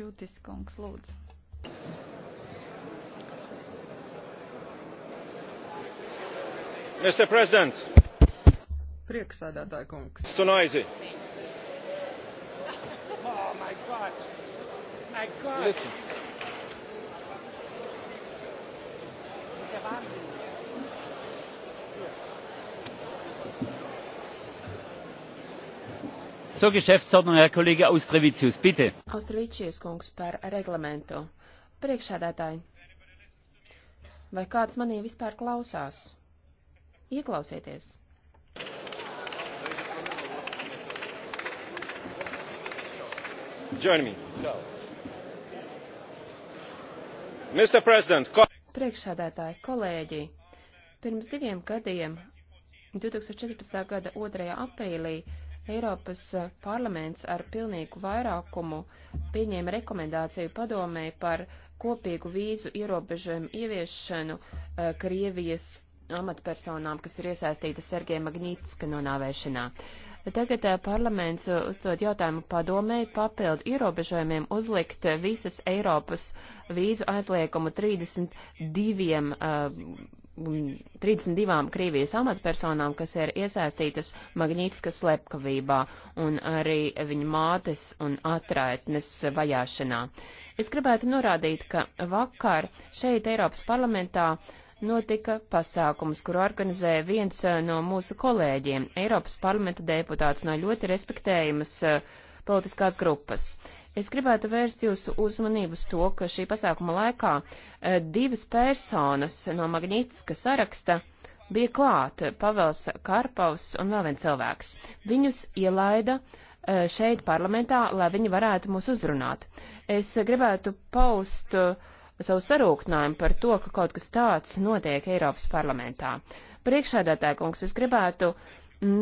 Čūtis kungs, lūdzu. Mr. President. Prieksēdētāja kungs. Stunaizi. Oh, my God. My God. Listen. Tas ir vārds. Zur Geschäftsordnung, Herr Kollege Austrevicius, bitte. Austrevicius kungs par reglamentu. Priekšādātāji, vai kāds manī vispār klausās? Ieklausieties! Join me. Mr. President, ko... Priekšsādātāji, kolēģi, pirms diviem gadiem, 2014. gada 2. aprīlī, Eiropas eh, parlaments ar pilnīgu vairākumu pieņēma rekomendāciju padomē par kopīgu vīzu ierobežojumu ieviešanu uh, Krievijas amatpersonām, kas ir iesaistīta Sergeja Magnītiska nonāvēšanā. Tagad uh, parlaments uzdod jautājumu padomēji papildu ierobežojumiem uzlikt visas Eiropas vīzu aizliegumu 32 uh, 32 Krievijas amatpersonām, kas ir iesaistītas Magnītiskas slepkavībā un arī viņa mātes un atraitnes vajāšanā. Es gribētu norādīt, ka vakar šeit Eiropas parlamentā notika pasākums, kuru organizēja viens eh, no mūsu kolēģiem, Eiropas parlamenta deputāts no ļoti respektējamas uh, politiskās grupas. Es gribētu vērst jūsu uzmanību uz to, ka šī pasākuma laikā eh, divas personas no Magnītiska saraksta bija klāt - Pavels Karpaus un vēl viens cilvēks. Viņus ielaida eh, šeit parlamentā, lai viņi varētu mūs uzrunāt. Es gribētu paust eh, savu sarūktinājumu par to, ka kaut kas tāds notiek Eiropas parlamentā. Priekšādātāja kungs, es gribētu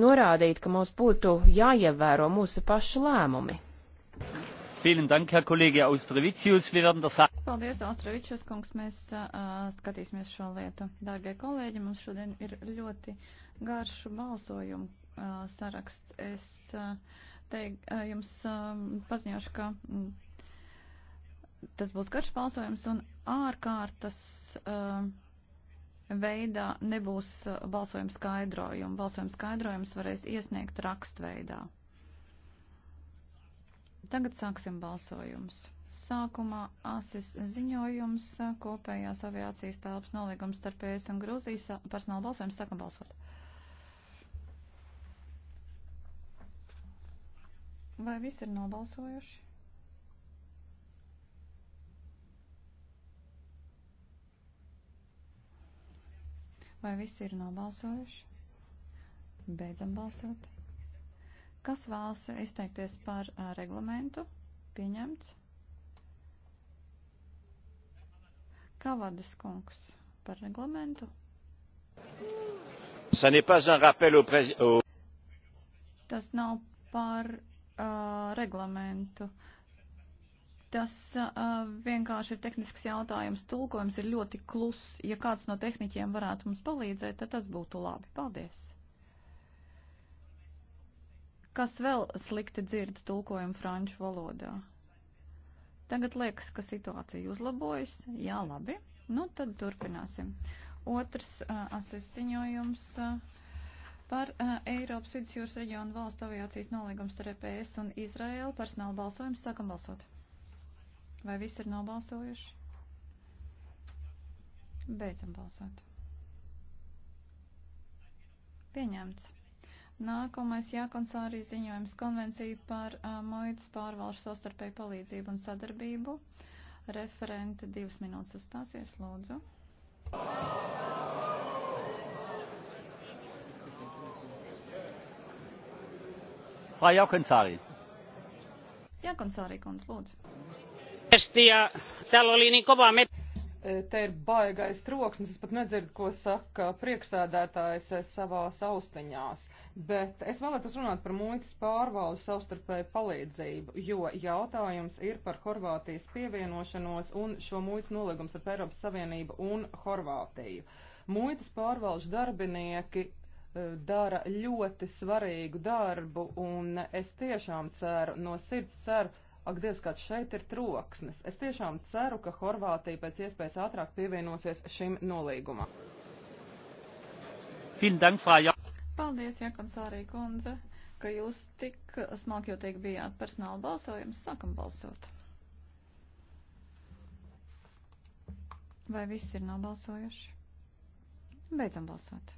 norādīt, ka mums būtu jāievēro mūsu pašu lēmumi. Paldies, Austrevičus kungs. Mēs uh, skatīsimies šo lietu. Dārgie kolēģi, mums šodien ir ļoti garš balsojumu uh, saraksts. Es uh, teik, uh, jums uh, paziņošu, ka mm, tas būs garš balsojums un ārkārtas. Uh, veidā nebūs balsojuma skaidrojuma. Balsojuma skaidrojums varēs iesniegt rakstveidā. Tagad sāksim balsojums. Sākumā ASIS ziņojums kopējās aviācijas telpas nolīgums starp ES un Grūzijas personāla balsojums. Sākam balsot. Vai visi ir nobalsojuši? Vai visi ir nobalsojuši? Beidzam balsot. Kas vēlas izteikties par uh, reglamentu? Pieņemts. Kavadas kungs par reglamentu. Tas nav par uh, reglamentu. Tas uh, vienkārši ir tehnisks jautājums. Tulkojums ir ļoti klus. Ja kāds no tehniķiem varētu mums palīdzēt, tad tas būtu labi. Paldies! Kas vēl slikti dzird tulkojumu franču valodā? Tagad liekas, ka situācija uzlabojas. Jā, labi. Nu, tad turpināsim. Otrs uh, asesiņojums uh, par uh, Eiropas vidusjūras reģionu valstu aviācijas nolīgums starp EPS un Izraēlu. Personāla balsojums. Sākam balsot. Vai visi ir nobalsojuši? Beidzam balsot. Pieņemts. Nākamais Jākonsārī ziņojums konvencija par uh, muitas pārvalšu sastarpēju palīdzību un sadarbību. Referente divas minūtes uzstāsies, lūdzu. Frau Jākonsārī. Jākonsārī, kundz, lūdzu. Täällä oli niin kova met... E, te ir baigais troksnis, es pat nedzirdu, ko saka priekšsēdētājs e, savā austiņās, bet es vēlētos runāt par muitas pārvaldu savstarpēju palīdzību, jo jautājums ir par Horvātijas pievienošanos un šo muitas nolīgums ar Eiropas Savienību un Horvātiju. Muitas pārvalžu darbinieki e, dara ļoti svarīgu darbu, un es tiešām ceru, no sirds ceru, Ak, Dievs, kāds šeit ir troksnis. Es tiešām ceru, ka Horvātija pēc iespējas ātrāk pievienosies šim nolīgumam. Paldies, Jākonsārī kundze, ka jūs tik smalkjotīgi bijāt personāla balsojums. Sākam balsot. Vai viss ir nobalsojuši? Beidzam balsot.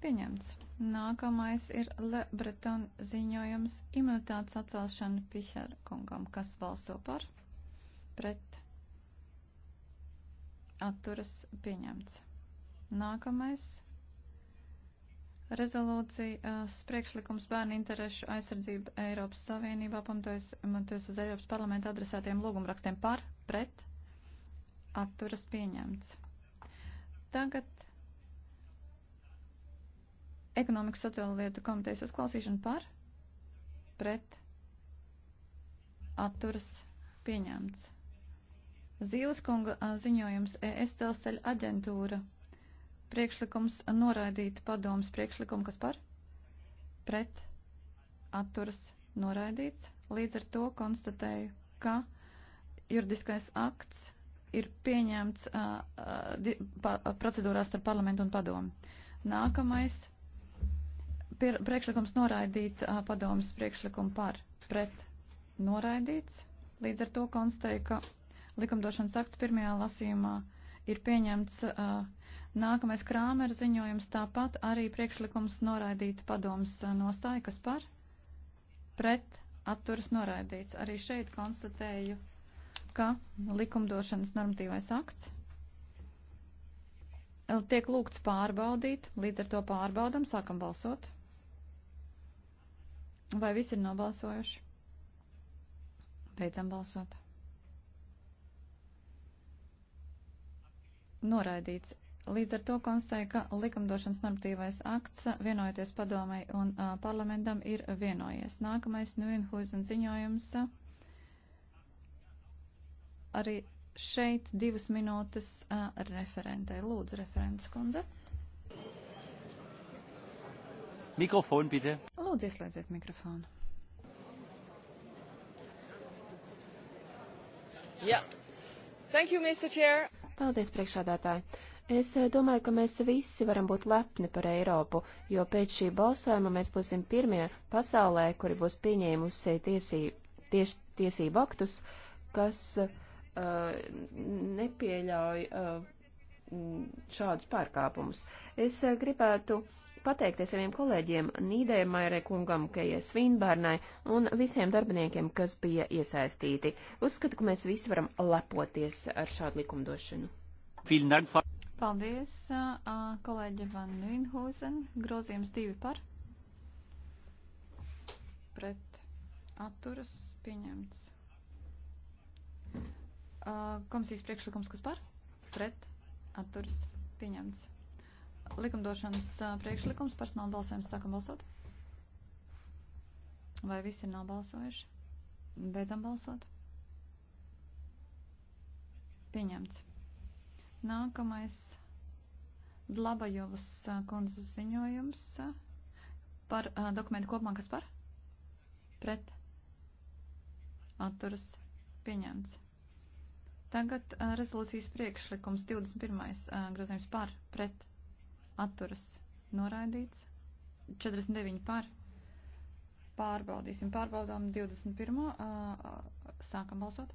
Pieņemts. Nākamais ir Le Breton ziņojums imunitātes atcelšana Pišer kungam. Kas balso par? Pret. Atturas pieņemts. Nākamais. Rezolūcijas priekšlikums bērnu interešu aizsardzība Eiropas Savienībā pamatojas, pamatojas uz Eiropas parlamenta adresētiem lūgumrakstiem par, pret, atturas pieņemts. Tagad Ekonomikas sociāla lieta komitejas uzklausīšana par, pret, atturas, pieņemts. Zīles kunga ziņojums ES dzelzceļa aģentūra. Priekšlikums noraidīt padomus priekšlikumu, kas par, pret, atturas, noraidīts. Līdz ar to konstatēju, ka juridiskais akts ir pieņemts uh, uh, procedūrās ar parlamentu un padomu. Nākamais priekšlikums noraidīt padomas priekšlikumu par pret noraidīts. Līdz ar to konstatēju, ka likumdošanas akts pirmajā lasījumā ir pieņemts. Nākamais krāmer ziņojums tāpat arī priekšlikums noraidīt padomas nostāju, kas par pret atturas noraidīts. Arī šeit konstatēju, ka likumdošanas normatīvais akts tiek lūgts pārbaudīt, līdz ar to pārbaudam, sākam balsot. Vai visi ir nobalsojuši? Beidzam balsot. Noraidīts. Līdz ar to konstatēja, ka likumdošanas normatīvais akts vienojoties padomai un uh, parlamentam ir vienojies. Nākamais Nuinhuizen ziņojums. Arī šeit divas minūtes uh, referentē. Lūdzu, referents kundze. Mikrofonu, bitte. Lūdzu, ieslēdziet mikrofonu. Jā. Yeah. Thank you, Mr. Chair. Paldies, priekšādātāji. Es eh, domāju, ka mēs visi varam būt lepni par Eiropu, jo pēc šī balsojuma mēs būsim pirmie pasaulē, kuri būs pieņēmusi tiesī, ties, tiesību aktus, kas uh, nepieļauj uh, šādus pārkāpumus. Es uh, gribētu pateikties saviem kolēģiem Nīdēmairē kungam, Kejai Svinbārnai un visiem darbiniekiem, kas bija iesaistīti. Uzskatu, ka mēs visi varam lepoties ar šādu likumdošanu. Paldies, kolēģi Van Nīnhūzen. Grozījums divi par. Pret atturas pieņemts. Komisijas priekšlikums, kas par? Pret atturas pieņemts likumdošanas priekšlikums personāla balsojums sākam balsot. Vai visi ir nobalsojuši? Beidzam balsot. Pieņemts. Nākamais Dlabajovas kundzes ziņojums par a, dokumentu kopumā, kas par? Pret. Atturas. Pieņemts. Tagad a, rezolūcijas priekšlikums 21. A, grozījums par. Pret atturas noraidīts. 49 par. Pārbaudīsim. Pārbaudām 21. Sākam balsot.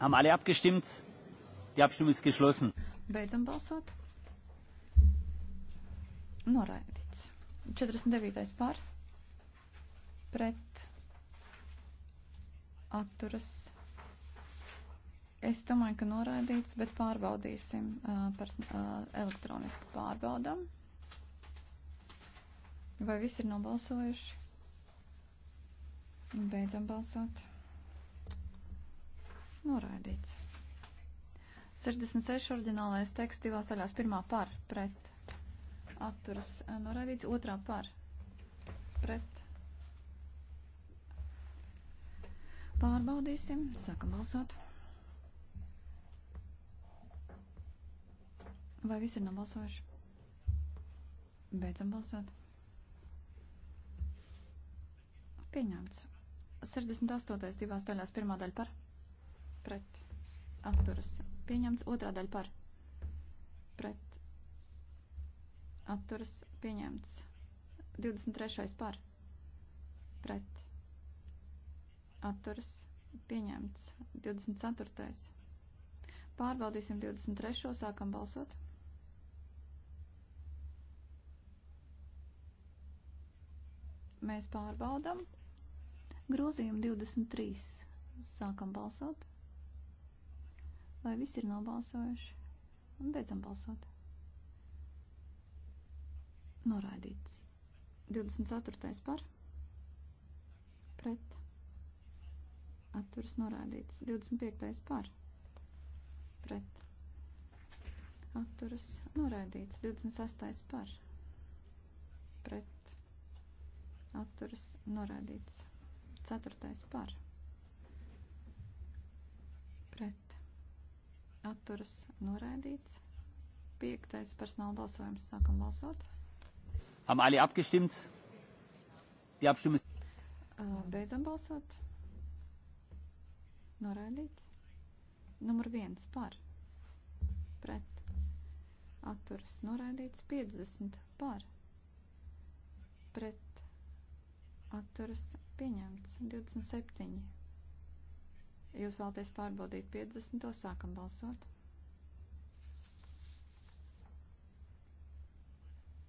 Haben alle abgestimmt? Die Abstimmung ist geschlossen. Beidzam balsot. Noraidīts. 49. par. Pret. Atturas Es domāju, ka noraidīts, bet pārbaudīsim par elektroniski pārbaudam. Vai visi ir nobalsojuši? Beidzam balsot. Noraidīts. 66 oriģinālais teksts divās daļās. Pirmā par, pret, atturas, noraidīts. Otrā par, pret. Pārbaudīsim, sākam balsot. Vai visi ir nobalsojuši? Beidzam balsot. Pieņemts. 68. divās daļās pirmā daļa par. Pret. Atturas. Pieņemts. Otrā daļa par. Pret. Atturas. Pieņemts. 23. par. Pret. Atturas. Pieņemts. 24. Pārbaudīsim 23. Sākam balsot. Mēs pārbaudam. Grozījumu 23. Sākam balsot. Vai visi ir nobalsojuši? Un beidzam balsot. Noraidīts. 24. par. Pret. Atturs norādīts. 25. par. Pret. Atturs norādīts. 26. par. Pret atturas norādīts. Ceturtais par pret atturas norādīts. Piektais personāla balsojums sākam balsot. Haben alle abgestimmt? Die Abstimmung ist. Beidzam balsot. Norādīts. Numur viens par pret atturas norādīts. 50 par pret atturas pieņemts. 27. Jūs vēlaties pārbaudīt 50. sākam balsot.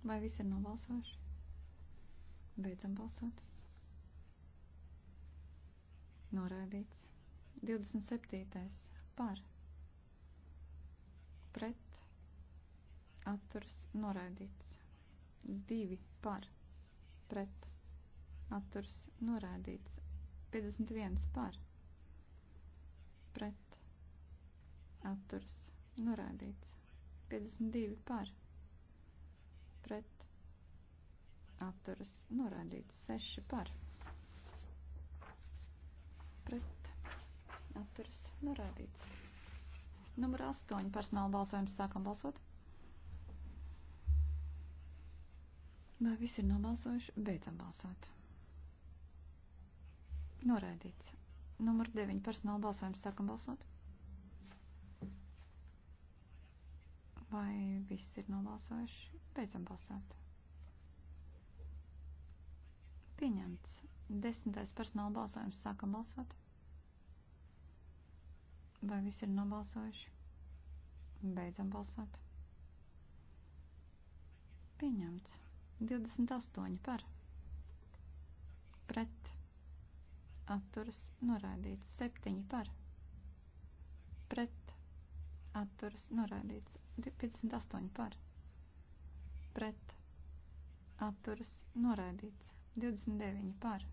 Vai visi ir nobalsojuši? Beidzam balsot. Noraidīts. 27. par. Pret. Atturs noraidīts. 2 par. Pret atturs norādīts. 51 par pret atturs norādīts. 52 par pret atturs norādīts. 6 par pret atturs norādīts. Numur 8 personāla balsojums sākam balsot. Vai visi ir nobalsojuši? Beidzam balsot. Noraidīts. Numur 9. Personāla balsojums. Sākam balsot. Vai viss ir nobalsojuši? Beidzam balsot. Pieņemts. Desmitais personāla balsojums. Sākam balsot. Vai viss ir nobalsojuši? Beidzam balsot. Pieņemts. 28 par. Pret atturas noraidīts. 7 par pret atturas noraidīts. 58 par pret atturas noraidīts. 29 par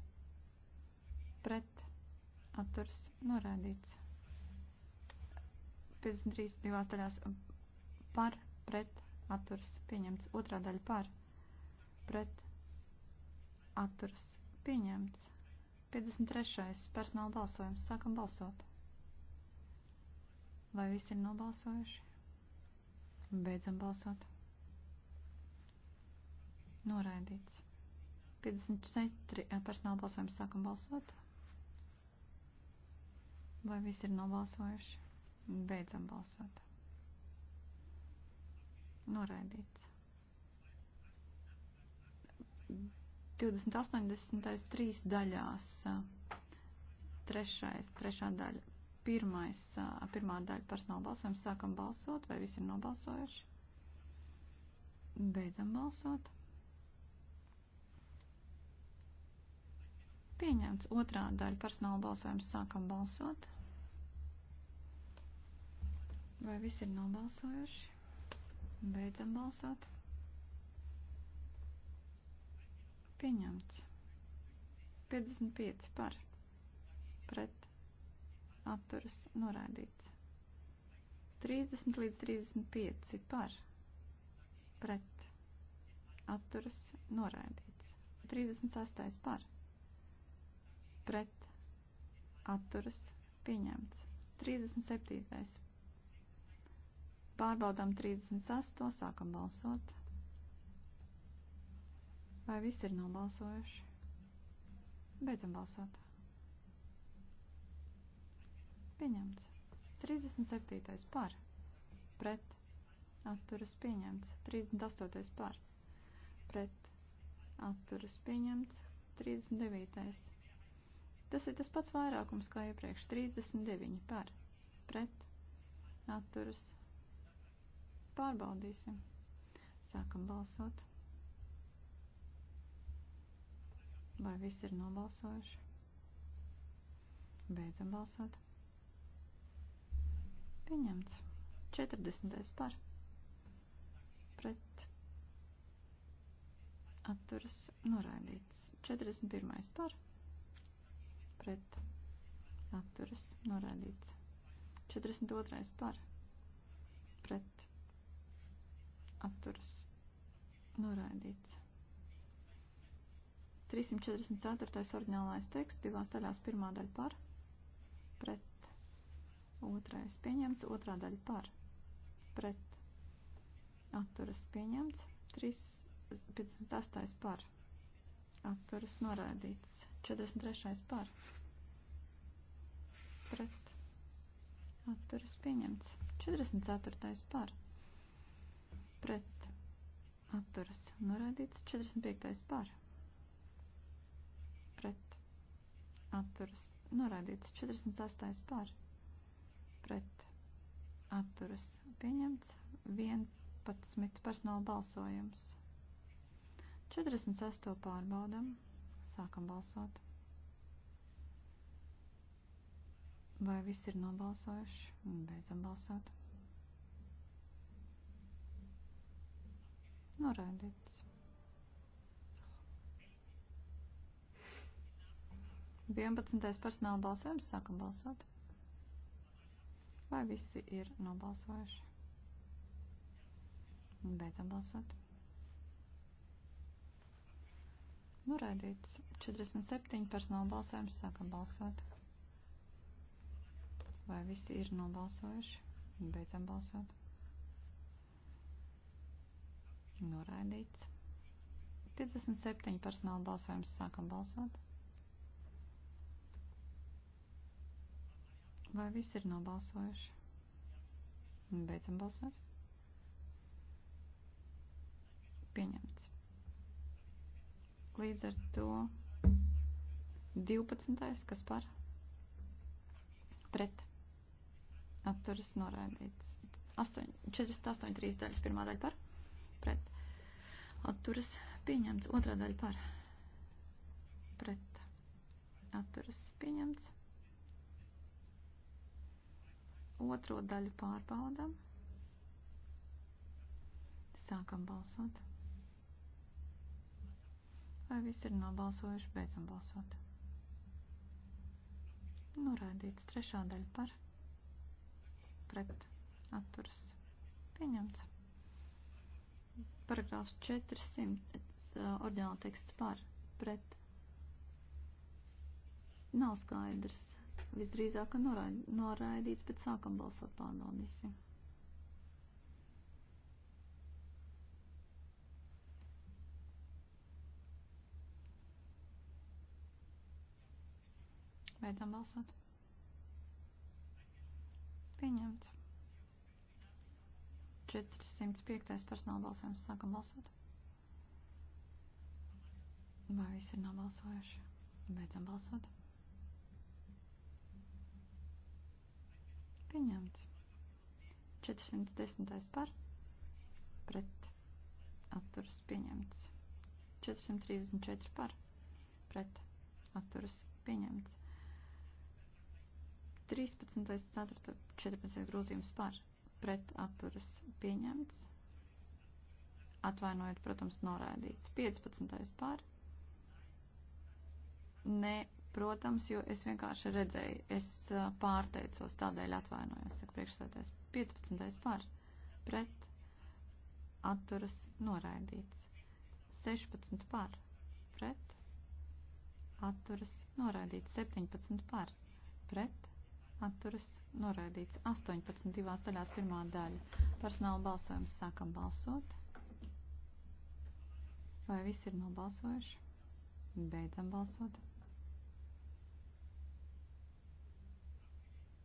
pret atturas noraidīts. 53 divās daļās par pret atturas pieņemts. Otrā daļa par pret atturas pieņemts. 53. personāla balsojums. Sākam balsot. Vai visi ir nobalsojuši? Beidzam balsot. Noraidīts. 54. Eh, personāla balsojums. Sākam balsot. Vai visi ir nobalsojuši? Beidzam balsot. Noraidīts. 2080. trīs daļās. Trešais, trešā daļa. Pirmais, pirmā daļa personāla balsojums. Sākam balsot, vai visi ir nobalsojuši? Beidzam balsot. Pieņemts otrā daļa personāla balsojums. Sākam balsot. Vai visi ir nobalsojuši? Beidzam balsot. Pieņemts. 55 par. Pret. Atturas noraidīts. 30 līdz 35 par. Pret. Atturas noraidīts. 36 par. Pret. Atturas pieņemts. 37. Pārbaudām 38. Sākam balsot. Vai visi ir nobalsojuši? Beidzam balsot. Pieņemts. 37. par. Pret. Atturas pieņemts. 38. par. Pret. Atturas pieņemts. 39. Tas ir tas pats vairākums kā iepriekš. 39 par. Pret. Atturas. Pārbaudīsim. Sākam balsot. Vai viss ir nobalsojuši? Beidzam balsot. Pieņemts. 40. par. Pret. Atturas noraidīts. 41. par. Pret. Atturas noraidīts. 42. par. Pret. Atturas noraidīts. 344. oriģinālais teksts divās daļās. Pirmā daļa par, pret, otrais pieņemts, otrā daļa par, pret, atturas pieņemts, 358. par, atturas noraidīts, 43. par, pret, atturas pieņemts, 44. par, pret, atturas noraidīts, 45. par atturas noraidīts 48 par pret atturas pieņemts 11 personāla balsojums. 46. pārbaudam, sākam balsot. Vai viss ir nobalsojuši? Beidzam balsot. Noraidīt. 11. personāla balsojums. Sākam balsot. Vai visi ir nobalsojuši? Beidzam balsot. Noraidīts. Nu, 47. personāla balsojums. Sākam balsot. Vai visi ir nobalsojuši? Beidzam balsot. Noraidīts. Nu, 57. personāla balsojums. Sākam balsot. Vai viss ir nobalsojuši? Beidzam balsot. Pieņemts. Līdz ar to 12. kas par pret atturas noraidīts. 8, 48, 3 daļas, pirmā daļa par pret atturas pieņemts, otrā daļa par pret atturas pieņemts. Otro daļu pārbaudam. Sākam balsot. Vai viss ir nobalsojuši? Beidzam balsot. Norādīts trešā daļa par pret atturas pieņemts. Paragrāfs 400, uh, oriģināla teksts par pret. Nav skaidrs. Visdrīzāk noraidīts, bet sākam balsot pārbaudīsim. Beidzam balsot. Pieņemts. 405. personāla balsojums. Sākam balsot. Vai visi ir nobalsojuši? Beidzam balsot. Pieņemts. 410. par. Pret. Atturas pieņemts. 434 par. Pret. Atturas pieņemts. 13. 4. 14. grozījums par. Pret. Atturas pieņemts. Atvainojiet, protams, norādīts. 15. par. Ne protams, jo es vienkārši redzēju, es pārteicos, tādēļ atvainojos, saka priekšsēdēs. 15. par, pret, atturas, noraidīts. 16 par, pret, atturas, noraidīts. 17 par, pret, atturas, noraidīts. 18 divās daļās pirmā daļa. Personāla balsojums sākam balsot. Vai visi ir nobalsojuši? Beidzam balsot.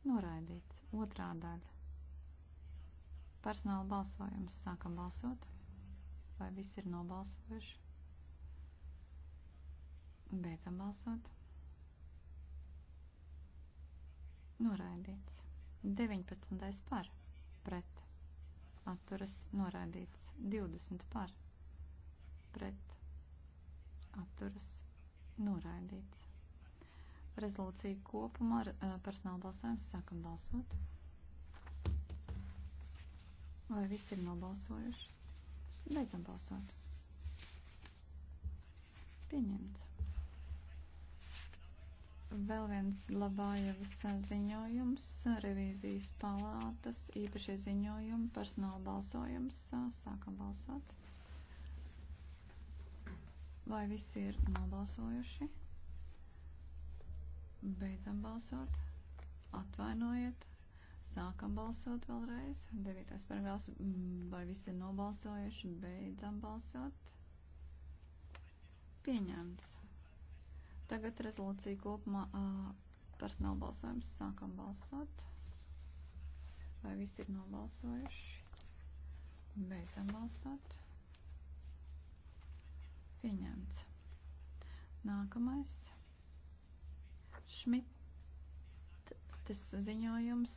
Noraidīts. Otrā daļa. Personāla balsojums. Sākam balsot. Vai viss ir nobalsojuši? Beidzam balsot. Noraidīts. 19. par. Pret. Atturas. Noraidīts. 20. par. Pret. Atturas. Noraidīts rezolūciju kopumā ar personālu balsojumu. Sākam balsot. Vai visi ir nobalsojuši? Beidzam balsot. Pieņemts. Vēl viens Labājevas ziņojums, revīzijas palātas, īpašie ziņojumi, personāla balsojums. Sākam balsot. Vai visi ir nobalsojuši? Beidzam balsot. Atvainojiet. Sākam balsot vēlreiz. 9. paragrāfs. Mm, vai visi ir nobalsojuši? Beidzam balsot. Pieņemts. Tagad rezolūcija kopumā personāla balsojums. Sākam balsot. Vai visi ir nobalsojuši? Beidzam balsot. Pieņemts. Nākamais. Šmitas ziņojums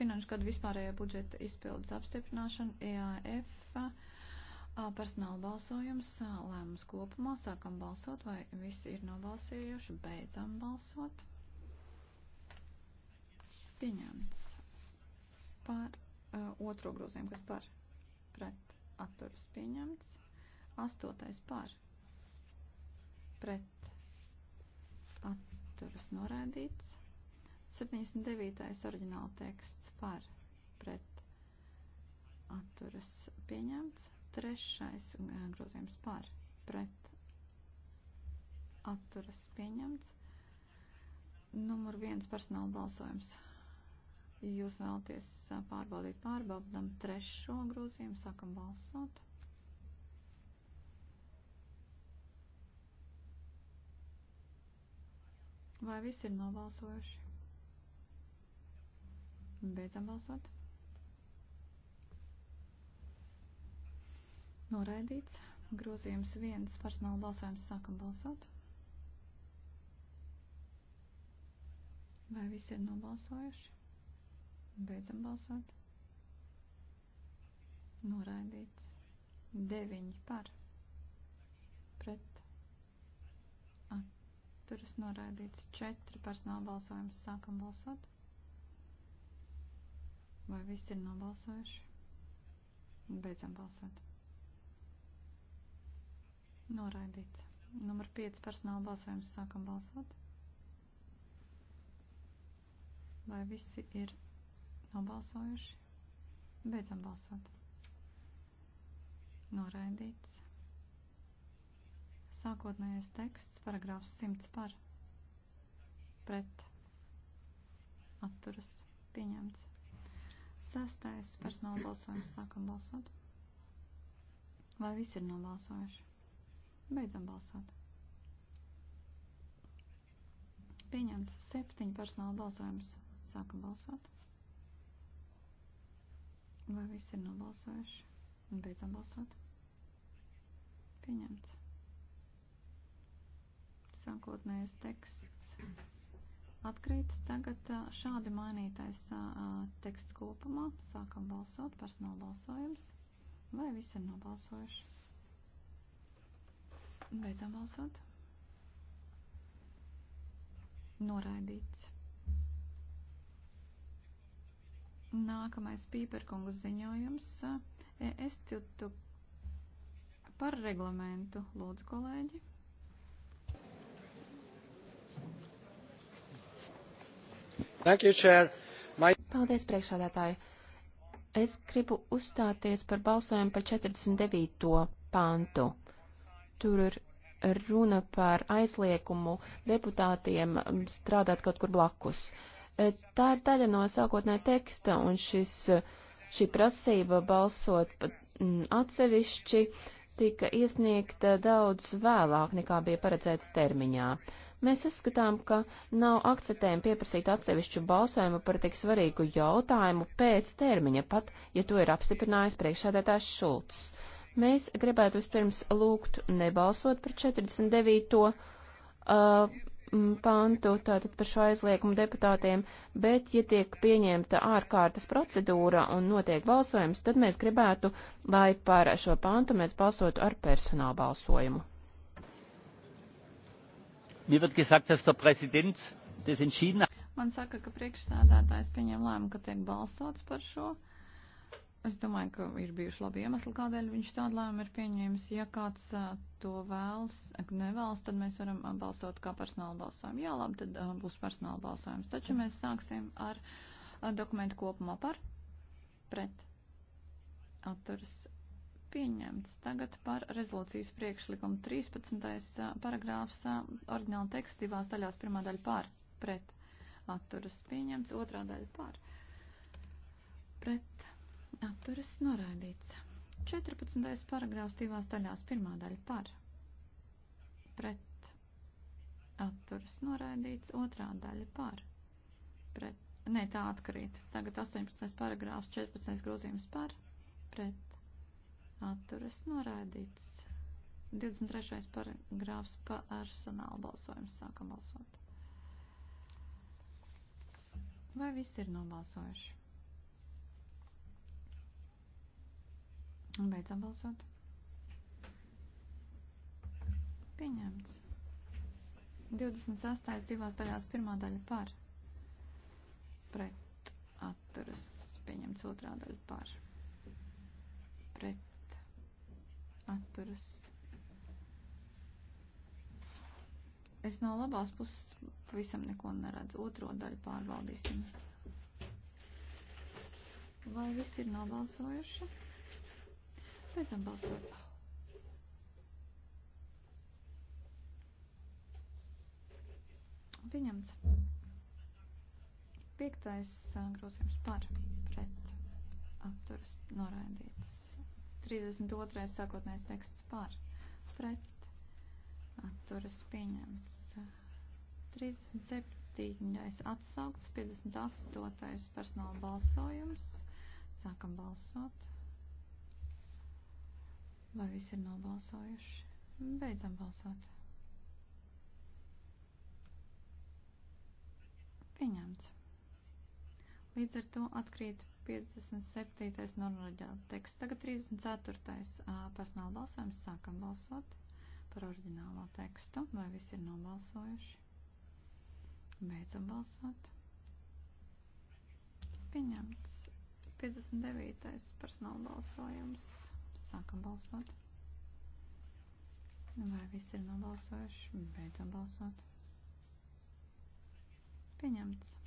finanšu gadu vispārējā budžeta izpildes apstiprināšana EAF personāla balsojums lēmums kopumā. Sākam balsot, vai visi ir nobalsējuši, beidzam balsot. Pieņemts par uh, otro grozījumu, kas par pret atturas pieņemts. Astotais par pret atturas atturas noraidīts. 79. oriģināla teksts par pret atturas pieņemts. Trešais uh, grozījums par pret atturas pieņemts. Numur viens personāla balsojums. Jūs vēlaties uh, pārbaudīt pārbaudam trešo grozījumu, sākam balsot. Vai visi ir nobalsojuši? Beidzam balsot. Noraidīts. Grozījums viens personāla balsojums sākam balsot. Vai visi ir nobalsojuši? Beidzam balsot. Noraidīts. Deviņi par. atturas noraidīts. 4 personāla balsojums. Sākam balsot. Vai visi ir nobalsojuši? Beidzam balsot. Noraidīts. Numur 5 personāla balsojums. Sākam balsot. Vai visi ir nobalsojuši? Beidzam balsot. Noraidīts. Sākotnējais teksts, paragrāfs 100 par, pret, atturas, pieņemts. Sastais personāla balsojums, sākam balsot. Vai visi ir nobalsojuši? Beidzam balsot. Pieņemts septiņu personāla balsojums, sākam balsot. Vai visi ir nobalsojuši? Un beidzam balsot. Pieņemts sākotnējais teksts atkrīt. Tagad šādi mainītais teksts kopumā. Sākam balsot, personāla balsojums. Vai visi ir nobalsojuši? Beidzam balsot. Noraidīts. Nākamais pīperkungas ziņojums. Es tiltu par reglamentu. Lūdzu, kolēģi. Thank you, Chair. My... Paldies, priekšādātāji. Es gribu uzstāties par balsojumu par 49. pantu. Tur ir runa par aizliekumu deputātiem strādāt kaut kur blakus. E, tā ir daļa no sākotnē teksta, un šis, šī prasība balsot atsevišķi tika iesniegta daudz vēlāk nekā bija paredzēts termiņā. Uh, Mēs uzskatām, ka nav akceptējami pieprasīt atsevišķu balsojumu par tik svarīgu jautājumu pēc termiņa, pat ja to ir apstiprinājis priekšsēdētājs Šulcs. Mēs gribētu vispirms lūgt nebalsot par 49. Uh, pantu, tātad par šo aizliekumu deputātiem, bet, ja tiek pieņemta ārkārtas procedūra un notiek balsojums, tad mēs gribētu, lai par šo pantu mēs balsotu ar personālu balsojumu. Mir wird gesagt, dass der Präsident das entschieden hat. Man saka, ka priekšsēdētājs pieņem lēmumu, ka tiek balsots par šo. Es domāju, ka ir bijuši labi iemesli, kādēļ viņš tādu lēmumu ir pieņēmis. Ja kāds to vēlas, nevēlas, tad mēs varam balsot kā personāla balsojumu. Jā, labi, tad būs personāla balsojums. Taču mēs sāksim ar dokumentu kopumā par, pret, atturas pieņemts. Tagad par rezolūcijas priekšlikumu 13. paragrāfs oriģināla teksts divās daļās. Pirmā daļa par pret atturas pieņemts, otrā daļa par pret atturas noraidīts. 14. paragrāfs divās daļās. Pirmā daļa par pret atturas noraidīts, otrā daļa par pret. Nē, tā atkarīt. Tagad 18. paragrāfs, 14. grozījums par pret atturas noraidīts. 23. paragrāfs par arsenālu balsojumu sākam balsot. Vai visi ir nobalsojuši? Un beidzam balsot. Pieņemts. 26. divās daļās pirmā daļa par. Pret atturas pieņemts otrā daļa par. Pret atturas. Es no labās puses pavisam neko neredzu. Otro daļu pārbaudīsim. Vai viss ir nobalsojuši? Beidzam balsot. Pieņemts. Piektais grozījums par pret atturas noraidītas. 32. sākotnējais teksts par pret atturas pieņemts. 37. atsaukts, 58. personāla balsojums. Sākam balsot. Vai visi ir nobalsojuši? Beidzam balsot. Pieņemts. Līdz ar to atkrīt 57. norunāģēta teksts. Tagad 34. personāla balsojums. Sākam balsot par oriģinālo tekstu. Vai visi ir nobalsojuši? Beidzam balsot. Pieņemts. 59. personāla balsojums. Sākam balsot. Vai visi ir nobalsojuši? Beidzam balsot. Pieņemts.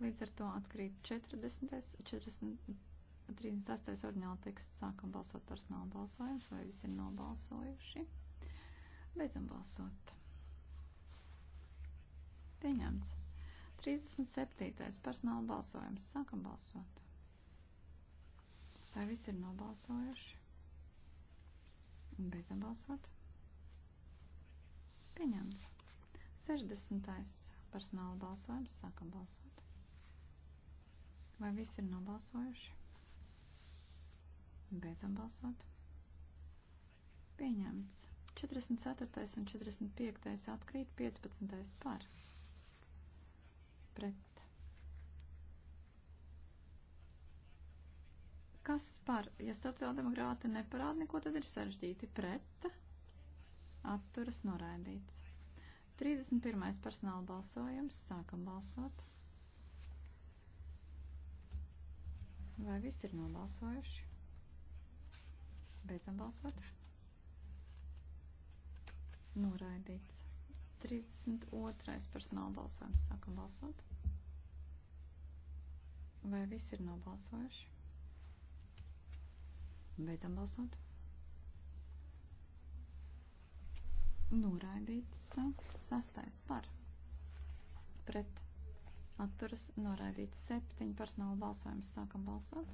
Līdz ar to atkrīt 40, 40 38 orģināla teksts. Sākam balsot personāla balsojums, vai visi ir nobalsojuši. Beidzam balsot. Pieņemts. 37. personāla balsojums. Sākam balsot. Vai visi ir nobalsojuši? Un beidzam balsot. Pieņemts. 60. personāla balsojums. Sākam balsot. Vai visi ir nobalsojuši? Beidzam balsot. Pieņemts. 44. un 45. atkrīt 15. par. Pret. Kas par? Ja sociāldemokrāti neparāda neko, tad ir sarežģīti. Pret. Atturas noraidīts. 31. personāla balsojums. Sākam balsot. Vai viss ir nobalsojuši? Beidzam balsot. Noraidīts. 32. personāla balsojums. Sākam balsot. Vai viss ir nobalsojuši? Beidzam balsot. Noraidīts. Sastais par. Pret atturas noraidīts. Septiņi personāla balsojums. Sākam balsot.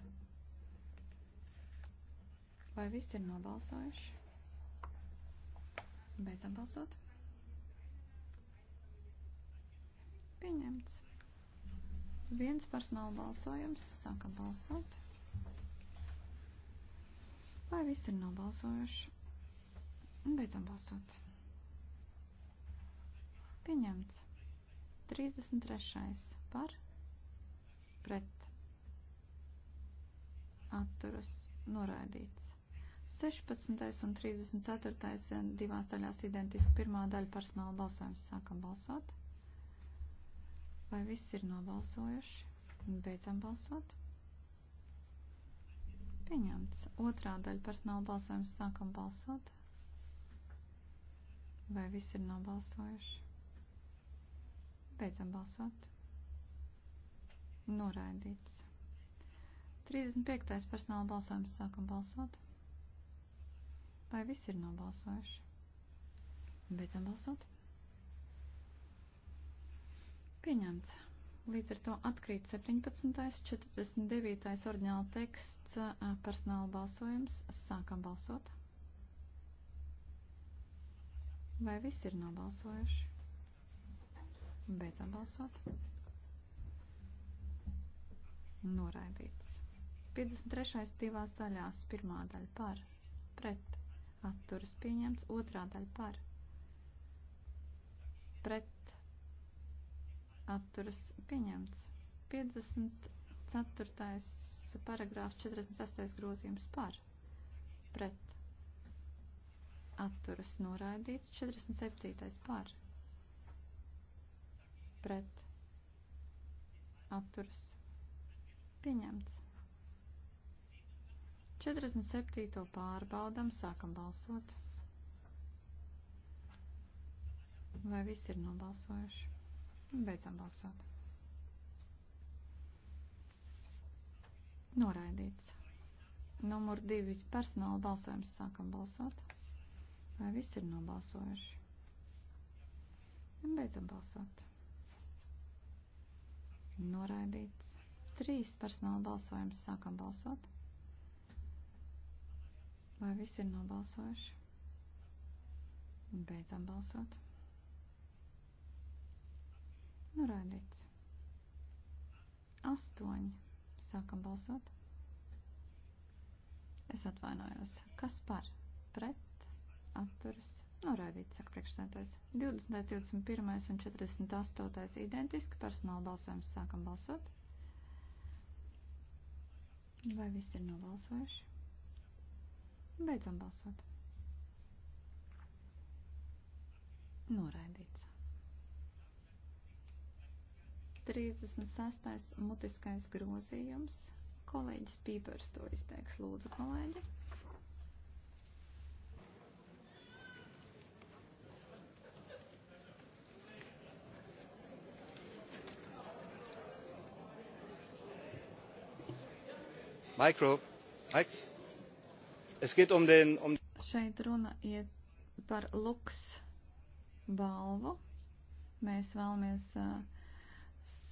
Vai visi ir nobalsojuši? Beidzam balsot. Pieņemts. Viens personāla balsojums. Sākam balsot. Vai visi ir nobalsojuši? Beidzam balsot. Pieņemts. 33. par pret atturas noraidīts. 16. un 34. divās daļās identiski pirmā daļa personāla balsojums. Sākam balsot. Vai viss ir nobalsojuši? Beidzam balsot. Pieņemts. Otrā daļa personāla balsojums. Sākam balsot. Vai viss ir nobalsojuši? Beidzam balsot. Noraidīts. 35. personāla balsojums sākam balsot. Vai visi ir nobalsojuši? Beidzam balsot. Pieņemts. Līdz ar to atkrīt 17. 49. orģināla teksts personāla balsojums. Sākam balsot. Vai visi ir nobalsojuši? Beidzam balsot. Noraidīts. 53. divās daļās. Pirmā daļa par. Pret. Atturas pieņemts. Otrā daļa par. Pret. Atturas pieņemts. 54. paragrāfs 48. grozījums par. Pret. Atturas noraidīts. 47. par pret atturs pieņemts. 47. pārbaudam, sākam balsot. Vai visi ir nobalsojuši? Beidzam balsot. Noraidīts. Numur divi personāla balsojums sākam balsot. Vai visi ir nobalsojuši? Un beidzam balsot noraidīts. Trīs personāla balsojums sākam balsot. Vai visi ir nobalsojuši? Beidzam balsot. Noraidīts. Astoņi. Sākam balsot. Es atvainojos. Kas par? Pret? Atturas? Noraidīts, saka priekšsētājs. 20, 21 un 48 identiski personāla balsojums. Sākam balsot. Vai viss ir nobalsojuši? Beidzam balsot. Noraidīts. 36. mutiskais grozījums. Kolēģis Pīpers to izteiks. Lūdzu, kolēģi. Micro. Es geht um den. Um Šeit runa ir par luks balvu. Mēs vēlamies uh,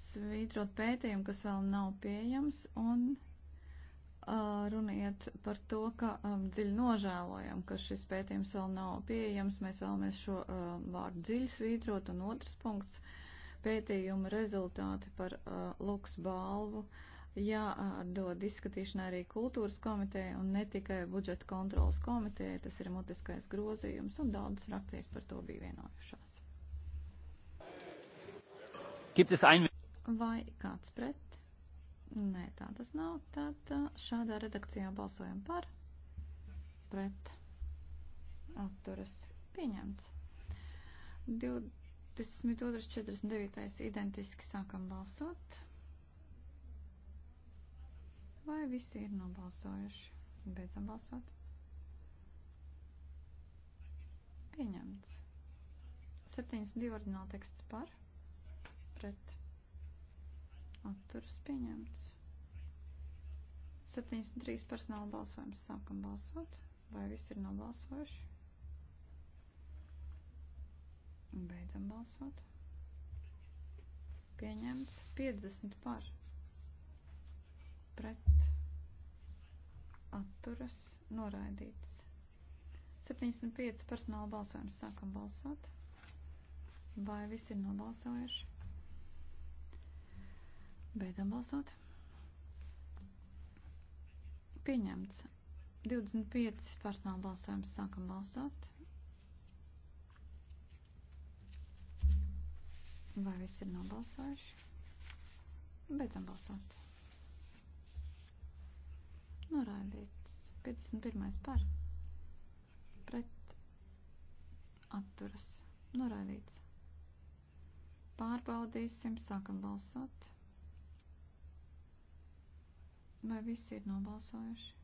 svītrot pētījumu, kas vēl nav pieejams, un uh, runiet par to, ka um, dziļi nožēlojam, ka šis pētījums vēl nav pieejams. Mēs vēlamies šo uh, vārdu dziļi svītrot, un otrs punkts - pētījuma rezultāti par uh, luks balvu. Uh, jādod izskatīšanā arī kultūras komiteja un ne tikai budžeta kontrolas komiteja. Tas ir mutiskais grozījums un daudzas frakcijas par to bija vienojušās. Vai kāds pret? Nē, tā tas nav. Tad šādā redakcijā balsojam par, pret, atturas, pieņemts. 22.49. identiski sākam balsot. Vai visi ir nobalsojuši? Beidzam balsot. Pieņemts. 72 ordināla teksts par. Pret. Atturas pieņemts. 73 personāla balsojums. Sākam balsot. Vai visi ir nobalsojuši? Beidzam balsot. Pieņemts 50 par pret atturas noraidīts. 75 personāla balsojums sākam balsot. Vai visi ir nobalsojuši? Beidzam balsot. Pieņemts. 25 personāla balsojums sākam balsot. Vai visi ir nobalsojuši? Beidzam balsot. Noraidīts. 51. par. Pret. Atturas. Noraidīts. Pārbaudīsim. Sākam balsot. Vai visi ir nobalsojuši?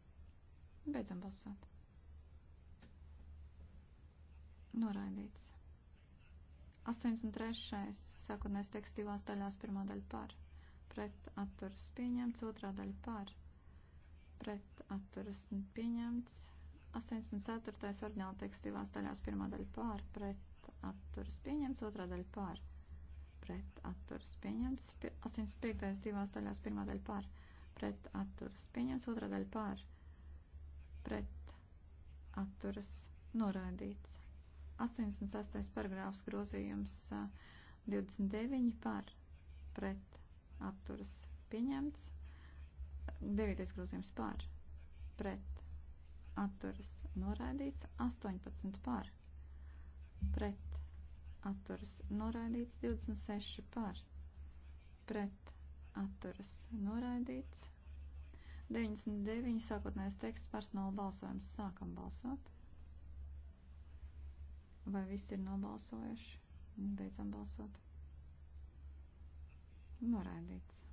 Beidzam balsot. Noraidīts. 83. sākotnēs teksts divās daļās, pirmā daļa par, pret atturas pieņemts, otrā daļa par, pret atturas pieņemts. 84. orģināla teksts divās daļās. Pirmā daļa pār pret atturas pieņemts, otrā daļa pār pret atturas pieņemts. 85. divās daļās. Pirmā daļa pār pret atturas pieņemts, otrā daļa pār pret atturas noraidīts. 86. paragrāfs grozījums 29 par pret atturas pieņemts. Devītais grozījums par, pret, atturas noraidīts. 18 par, pret, atturas noraidīts. 26 par, pret, atturas noraidīts. 99 sākotnējais teksts personāla balsojums. Sākam balsot. Vai viss ir nobalsojuši? Beidzam balsot. Noraidīts.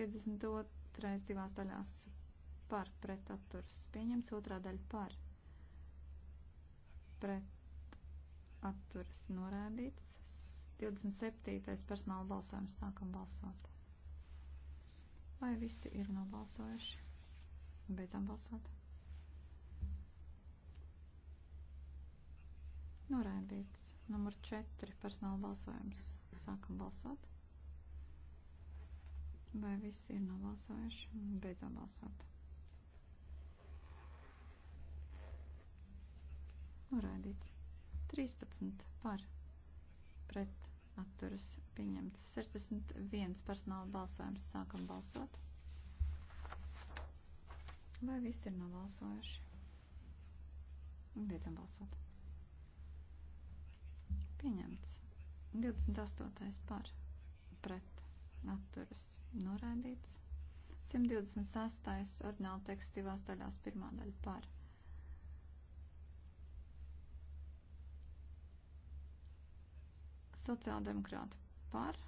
52 otrais divās daļās par pret atturas pieņemts, otrā daļa par pret atturas norādīts, 27. personāla balsojums sākam balsot. Vai visi ir nobalsojuši? Beidzam balsot. Norādīts. Numur 4. Personāla balsojums. Sākam balsot. Vai viss ir nobalsojuši? Beidzam balsot. Norādīts. 13 par pret atturas pieņemts. 61 personāla balsojums. Sākam balsot. Vai viss ir nobalsojuši? Beidzam balsot. Pieņemts. 28 par pret atturas noraidīts. 126. ordināla teksts divās daļās pirmā daļa par. Sociāldemokrāti par,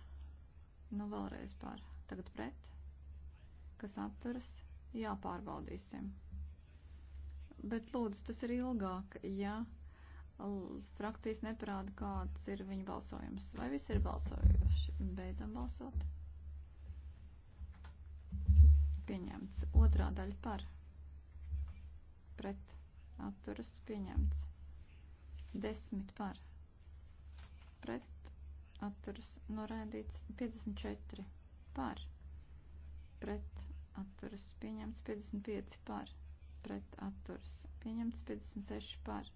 nu vēlreiz par, tagad pret, kas atturas, jāpārbaudīsim. Bet lūdzu, tas ir ilgāk, ja frakcijas neparāda, kāds ir viņa balsojums. Vai visi ir balsojuši? Beidzam balsot pieņemts. Otrā daļa par pret atturas pieņemts. Desmit par pret atturas norādīts. 54 par pret atturas pieņemts. 55 par pret atturas pieņemts. 56 par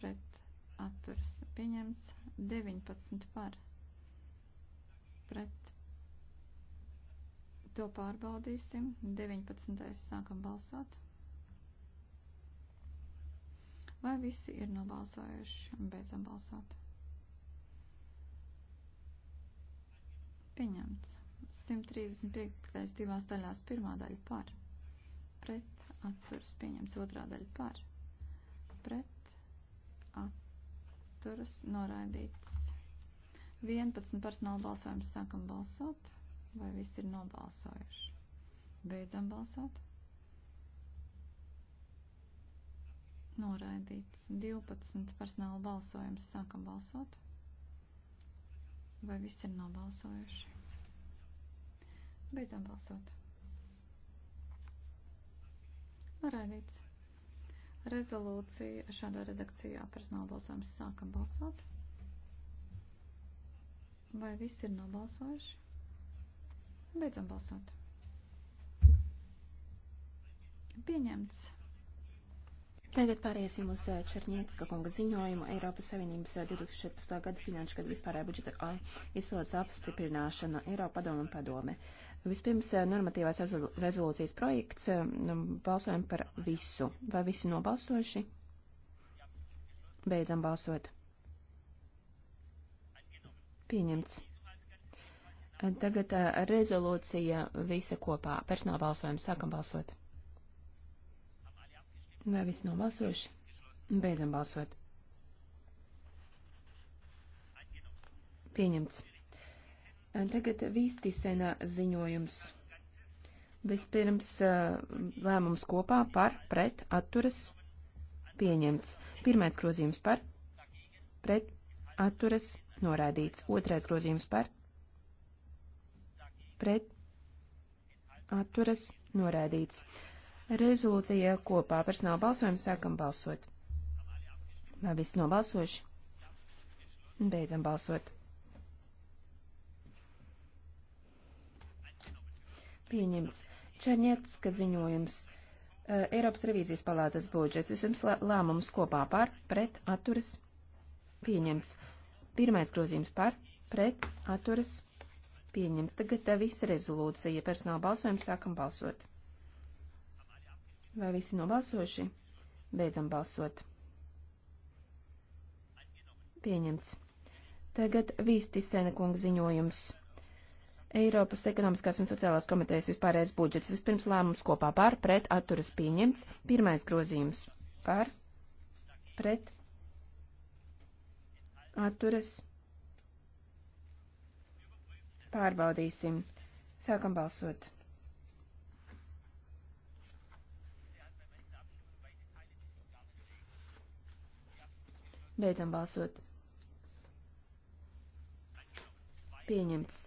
pret atturas pieņemts. 19 par pret To pārbaudīsim. 19. sākam balsot. Vai visi ir nobalsojuši? Beidzam balsot. Pieņemts. 135. divās daļās pirmā daļa par. Pret atturas pieņemts otrā daļa par. Pret atturas noraidīts. 11 personāla balsojums sākam balsot. Vai viss ir nobalsojuši? Beidzam balsot. Noraidīts 12 personāla balsojums. Sākam balsot. Vai viss ir nobalsojuši? Beidzam balsot. Noraidīts. Rezolūcija šādā redakcijā personāla balsojums. Sākam balsot. Vai viss ir nobalsojuši? Beidzam balsot. Pieņemts. Tagad pāriesim uz eh, Černiecka kunga ziņojumu Eiropas Savienības 2014. Eh, gada finanšu gada vispārējā budžeta eh, izpildes apstiprināšana Eiropa padomu un padome. Vispirms normatīvās rezolūcijas projekts, nu, balsojam par visu. Vai visi nobalsojuši? Beidzam balsot. Pieņemts. Tagad rezolūcija visa kopā. Personāla balsojums. Sākam balsot. Vai visi nobalsojuši? Beidzam balsot. Pieņemts. Tagad Vīstisena ziņojums. Vispirms lēmums kopā par, pret, atturas, pieņemts. Pirmais grozījums par, pret, atturas, norādīts. Otrais grozījums par, pret atturas norādīts. Rezolūcija kopā personāla balsojums sākam balsot. Vai viss nobalsojuši? Beidzam balsot. Pieņemts Černiecka ziņojums. Uh, Eiropas revīzijas palātas budžets. Vispirms lēmums kopā par, pret, atturas. Pieņemts. Pirmais grozījums par, pret, atturas pieņemts. Tagad eh, visa rezolūcija. Personāla balsojums sākam balsot. Vai visi nobalsojuši? Beidzam balsot. Pieņemts. Tagad Vīstisēna kunga ziņojums. Eiropas ekonomiskās un sociālās komitejas vispārējais budžets. Vispirms lēmums kopā par, pret, atturas pieņemts. Pirmais grozījums par, pret, atturas pieņemts atturas Pārbaudīsim. Sākam balsot. Beidzam balsot. Pieņemts.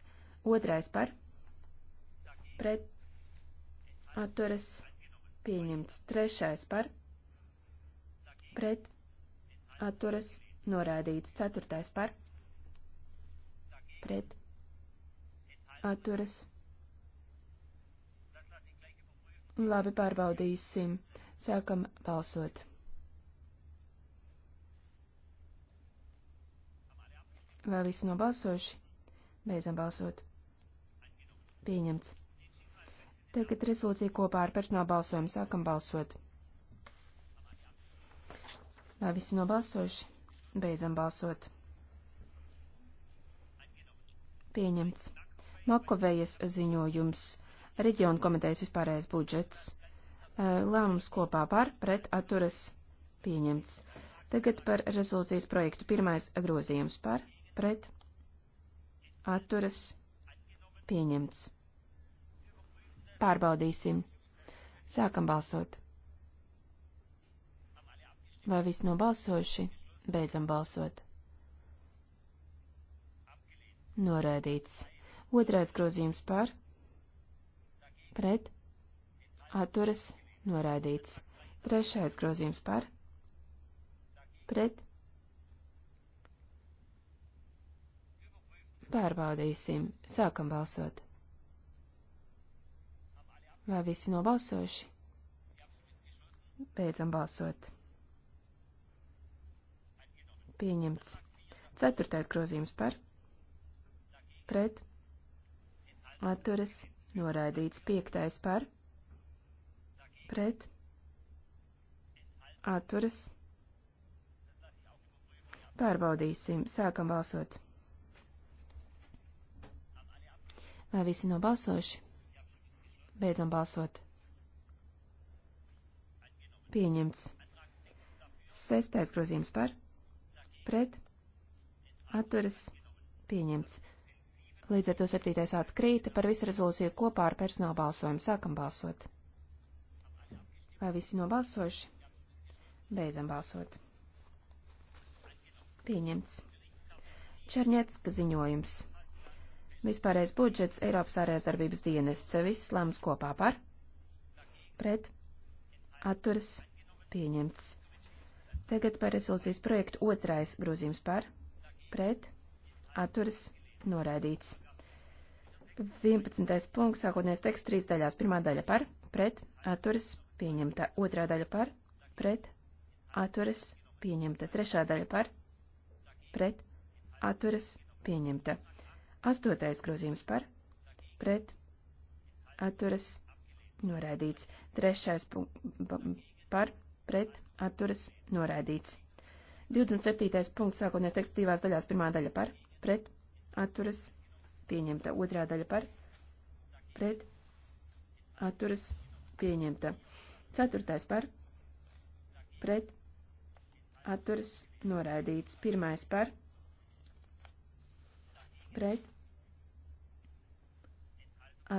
Otrais par. Pret. Atturas. Pieņemts. Trešais par. Pret. Atturas. Norādīts. Ceturtais par. Pret atturas. Labi, pārbaudīsim. Sākam balsot. Vai visi nobalsojuši? Beidzam balsot. Pieņemts. Tagad rezolūcija kopā ar personālu balsojumu sākam balsot. Vai visi nobalsojuši? Beidzam balsot. Pieņemts. Makovējas ziņojums, reģionu komitejas vispārējais budžets, eh, lēmums kopā par, pret, atturas, pieņemts. Tagad par rezolūcijas projektu pirmais grozījums par, pret, atturas, pieņemts. Pārbaudīsim. Sākam balsot. Vai viss nobalsojuši? Beidzam balsot. Norēdīts. Otrais grozījums par, pret, atturas, noraidīts. Trešais grozījums par, pret. Pārbaudīsim, sākam balsot. Vai visi nobalsojuši? Beidzam balsot. Pieņemts. Ceturtais grozījums par, pret, atturas, noraidīts. Piektais par, pret, atturas. Pārbaudīsim, sākam balsot. Vai visi nobalsojuši? Beidzam balsot. Pieņemts. Sestais grozījums par, pret, atturas, pieņemts. Līdz ar to septītais atkrīt par visu rezolūciju kopā ar personālu balsojumu. Sākam balsot. Vai visi nobalsojuši? Beidzam balsot. Pieņemts. Černiecka ziņojums. Vispārējais budžets Eiropas ārējās darbības dienests viss lēmums kopā par. Pret. Atturas. Pieņemts. Tagad par rezolūcijas projektu otrais grozījums par. Pret. Atturas. Noraidīts. 11. punkts, sākotnējais teksts trīs daļās. Pirmā daļa par, pret, atturas, pieņemta. Otrā daļa par, pret, atturas, pieņemta. Trešā daļa par, pret, atturas, pieņemta. Astotais grozījums par, pret, atturas, noraidīts. Trešais par, pret, atturas, noraidīts. 27. punkts, sākotnējais teksts divās daļās. Pirmā daļa par, pret, atturas pieņemta. Otrā daļa par pret atturas pieņemta. Ceturtais par pret atturas noraidīts. Pirmais par pret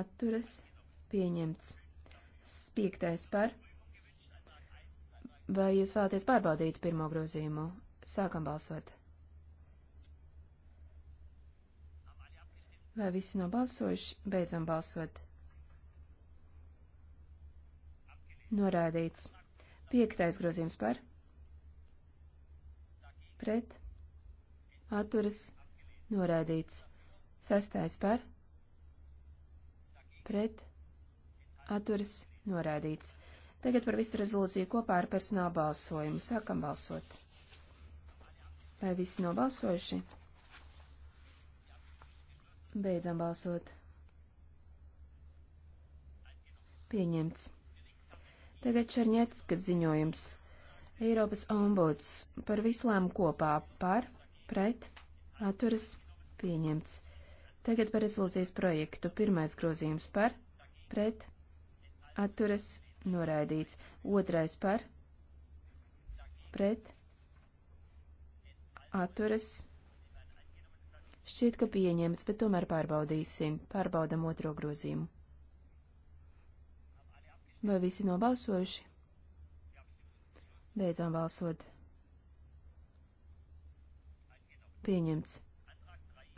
atturas pieņemts. Piektais par. Vai jūs vēlaties pārbaudīt pirmo grozījumu? Sākam balsot. Vai visi nobalsojuši? Beidzam balsot. Norādīts. Piektais grozījums par. Pret. Atturas. Norādīts. Sestais par. Pret. Atturas. Norādīts. Tagad par visu rezolūciju kopā ar personālu balsojumu. Sākam balsot. Vai visi nobalsojuši? Beidzam balsot. Pieņemts. Tagad Černieckas ziņojums. Eiropas ombuds par vislēmu kopā par, pret, atturas, pieņemts. Tagad par rezolūcijas projektu. Pirmais grozījums par, pret, atturas, noraidīts. Otrais par, pret, atturas, noraidīts Šķiet, ka pieņemts, bet tomēr pārbaudīsim. Pārbaudam otro grozījumu. Vai visi nobalsojuši? Beidzām balsot. Pieņemts.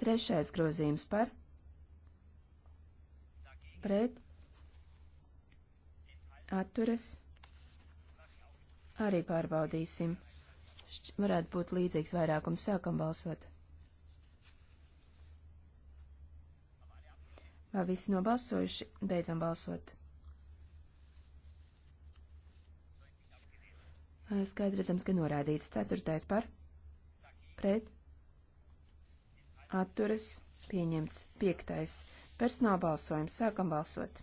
Trešais grozījums par. Pret. Atturas. Arī pārbaudīsim. Šķ varētu būt līdzīgs vairākums. Sākam balsot. Vai visi nobalsojuši? Beidzam balsot. Skaidredzams, ka norādīts. Ceturtais par. Pret. Atturas. Pieņemts. Piektais. Personāla balsojums. Sākam balsot.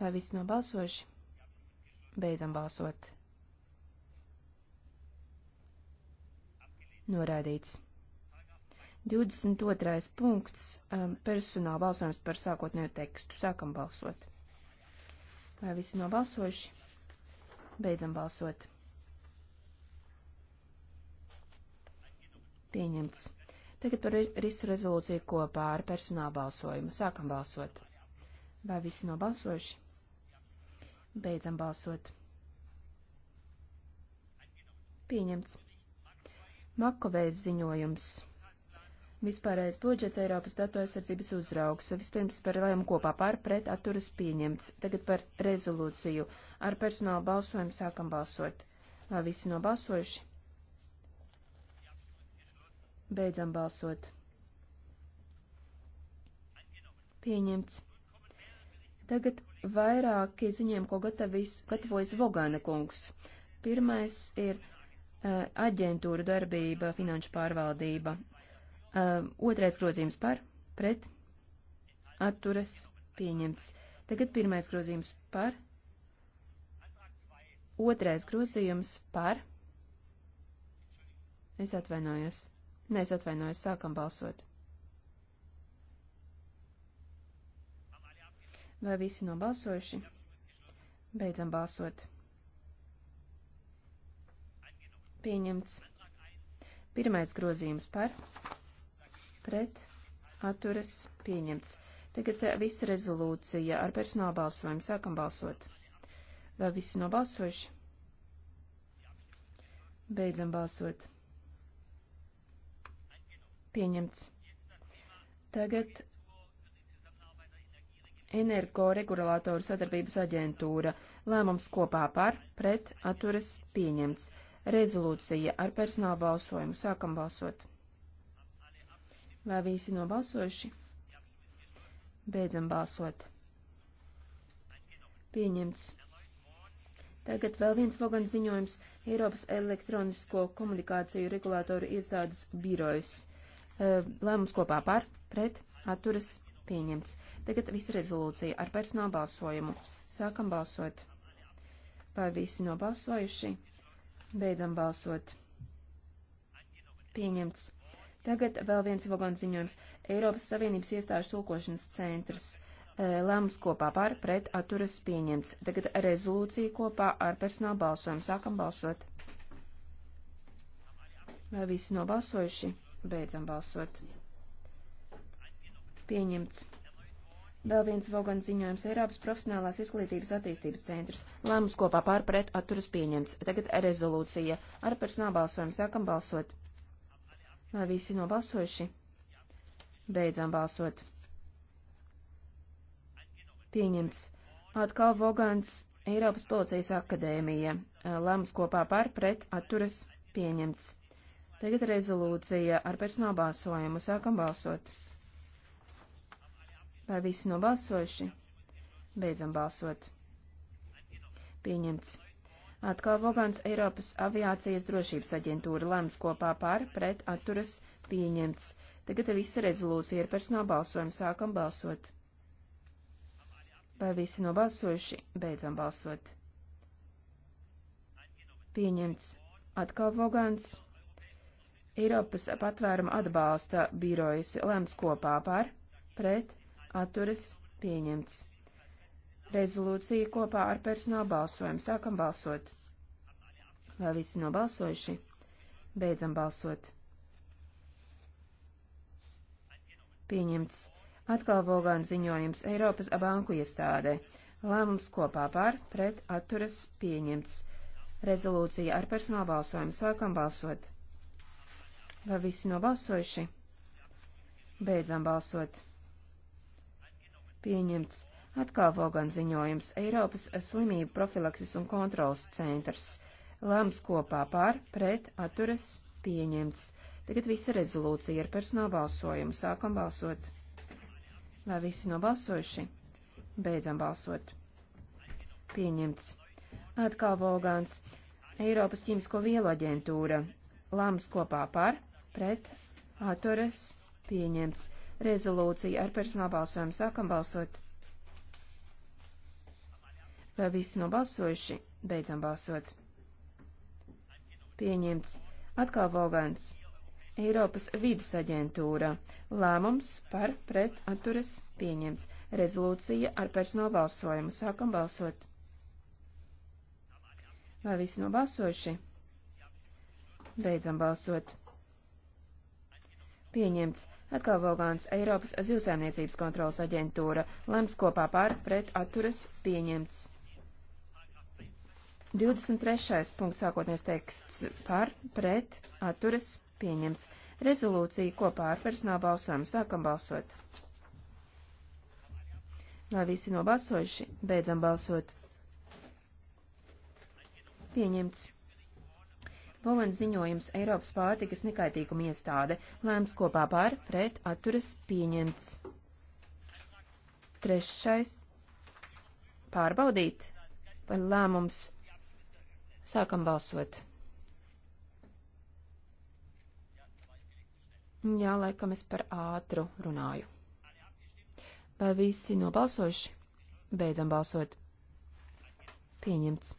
Vai visi nobalsojuši? Beidzam balsot. Norādīts. 22. punkts um, personāla balsojums par sākotnējo tekstu. Sākam balsot. Vai visi nobalsojuši? Beidzam balsot. Pieņemts. Tagad par visu rezolūciju kopā ar personāla balsojumu. Sākam balsot. Vai visi nobalsojuši? Beidzam balsot. Pieņemts. Makovēs ziņojums. Vispārējais budžets Eiropas datu aizsardzības uzraugs. Vispirms par lēmumu kopā par pret atturas pieņemts. Tagad par rezolūciju. Ar personālu balsojumu sākam balsot. Vai visi nobalsojuši? Beidzam balsot. Pieņemts. Tagad vairāki ziņiem, ko gatavis, gatavojas Vogāna kungs. Pirmais ir eh, aģentūra darbība, finanšu pārvaldība. Uh, otrais grozījums par, pret, atturas, pieņemts. Tagad pirmais grozījums par, otrais grozījums par, es atvainojos, ne, es atvainojos, sākam balsot. Vai visi nobalsojuši? Beidzam balsot. Pieņemts. Pirmais grozījums par pret atturas pieņemts. Tagad eh, visa rezolūcija ar personālu balsojumu. Sākam balsot. Vēl visi nobalsojuši? Beidzam balsot. Pieņemts. Tagad Energo regulātoru sadarbības aģentūra. Lēmums kopā par, pret, atturas, pieņemts. Rezolūcija ar personālu balsojumu. Sākam balsot. Vai visi nobalsojuši? Beidzam balsot. Pieņemts. Tagad vēl viens vogan ziņojums Eiropas elektronisko komunikāciju regulātoru iestādes birojas. E, lēmums kopā par, pret, atturas, pieņemts. Tagad visa rezolūcija ar personālu balsojumu. Sākam balsot. Vai visi nobalsojuši? Beidzam balsot. Pieņemts. Tagad vēl viens vagons ziņojums. Eiropas Savienības iestāžu tulkošanas centrs. Eh, lēmums kopā par pret atturas pieņemts. Tagad rezolūcija kopā ar personālu balsojumu. Sākam balsot. Vai visi nobalsojuši? Beidzam balsot. Pieņemts. Vēl viens Vogans ziņojums Eiropas profesionālās izglītības attīstības centrs. Lēmums kopā pārpret atturas pieņemts. Tagad rezolūcija. Ar personālu balsojumu sākam balsot. Vai visi nobalsojuši? Beidzām balsot. Pieņemts. Atkal Vogans, Eiropas policijas akadēmija. Lēmums kopā par pret atturas pieņemts. Tagad rezolūcija ar personālu balsojumu. Sākam balsot. Vai visi nobalsojuši? Beidzam balsot. Pieņemts. Atkal Vogans Eiropas aviācijas drošības aģentūra lems kopā par pret atturas pieņemts. Tagad visa rezolūcija ir personāla balsojuma. Sākam balsot. Vai visi nobalsojuši? Beidzam balsot. Pieņemts. Atkal Vogans. Eiropas patvēruma atbalsta birojas lems kopā par pret atturas pieņemts rezolūciju kopā ar personālu balsojumu. Sākam balsot. Vai visi nobalsojuši? Beidzam balsot. Pieņemts. Atkal Vogāna ziņojums Eiropas banku iestādē. Lēmums kopā par, pret, atturas, pieņemts. Rezolūcija ar personālu balsojumu. Sākam balsot. Vai visi nobalsojuši? Beidzam balsot. Pieņemts. Atkal Vogan ziņojums Eiropas slimību profilakses un kontrolas centrs. Lēms kopā par, pret, atturas, pieņemts. Tagad visa rezolūcija ar personālu balsojumu. Sākam balsot. Vai visi nobalsojuši? Beidzam balsot. Pieņemts. Atkal Vogāns. Eiropas ķīmisko vielu aģentūra. Lēms kopā par, pret, atturas, pieņemts. Rezolūcija ar personālu balsojumu. Sākam balsot. Vai visi nobalsojuši? Beidzam balsot. Pieņemts. Atkal Vogans. Eiropas vidas aģentūra. Lēmums par pret atturas pieņemts. Rezolūcija ar personālu balsojumu. Sākam balsot. Vai visi nobalsojuši? Beidzam balsot. Pieņemts. Atkal Vogāns Eiropas zivsēmniecības kontrolas aģentūra. Lems kopā par pret atturas pieņemts. 23. punkts sākotnēs teksts par, pret, atturas, pieņemts. Rezolūcija kopā ar personālu balsojumu sākam balsot. Lai visi nobalsojuši, beidzam balsot. Pieņemts. Volens ziņojums Eiropas pārtikas nekaitīguma iestāde lēms kopā par pret atturas pieņemts. Trešais. Pārbaudīt, vai lēmums Sākam balsot. Jā, laikam es par ātru runāju. Vai visi nobalsojuši? Beidzam balsot. Pieņemts.